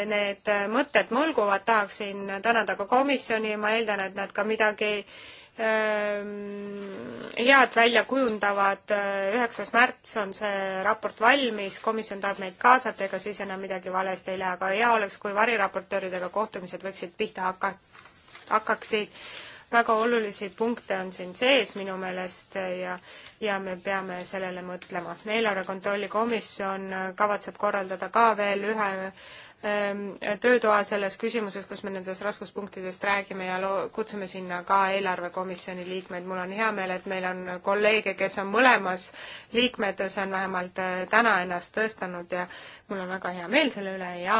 need mõtted mõlguvad, tahaksin tänada ka komisjoni ja ma eeldan, et nad ka midagi Ehm, head välja kujundavad, eh, üheksas märts on see raport valmis, komisjon tahab meid kaasata, ega siis enam midagi valesti ei lähe, aga hea oleks, kui variraportööridega kohtumised võiksid pihta hakka-, hakkaksid. väga olulisi punkte on siin sees minu meelest ja, ja me peame sellele mõtlema. eelarve kontrolli komisjon eh, kavatseb korraldada ka veel ühe Ähm, töötoa selles küsimuses, kus me nendest raskuspunktidest räägime ja loo-, kutsume sinna ka eelarvekomisjoni liikmeid. mul on hea meel, et meil on kolleege, kes on mõlemas liikmed, see on vähemalt äh, täna ennast tõestanud ja mul on väga hea meel selle üle ja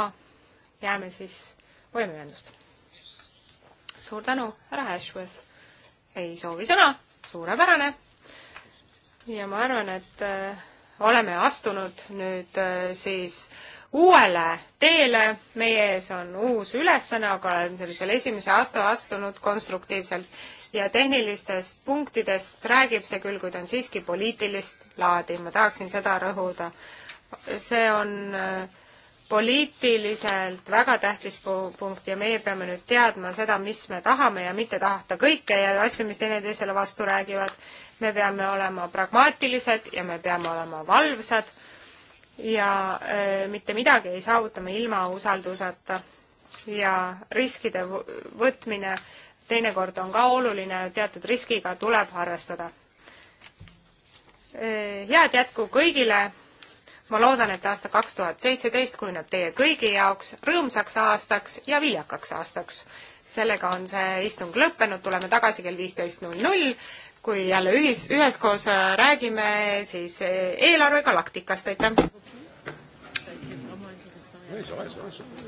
jääme siis, hoiame ühendust. suur tänu, härra Ashworth. ei soovi sõna, suurepärane. ja ma arvan, et äh, oleme astunud nüüd äh, siis uuele teele, meie ees on uus ülesanne, aga olen sellisele esimese aasta astunud konstruktiivselt ja tehnilistest punktidest räägib see küll, kuid on siiski poliitilist laadi, ma tahaksin seda rõhuda. see on äh, poliitiliselt väga tähtis punkt ja meie peame nüüd teadma seda, mis me tahame ja mitte tahta kõike ja asju, mis teineteisele vastu räägivad. me peame olema pragmaatilised ja me peame olema valvsad ja öö, äh, mitte midagi ei saavuta me ilma usalduseta ja riskide võtmine teinekord on ka oluline, teatud riskiga tuleb arvestada. Äh, head jätku kõigile. ma loodan, et aasta kaks tuhat seitseteist kujuneb teie kõigi jaoks rõõmsaks aastaks ja viljakaks aastaks. sellega on see istung lõppenud, tuleme tagasi kell viisteist null null kui jälle ühis, üheskoos äh, räägime siis äh, eelarve galaktikast, aitäh!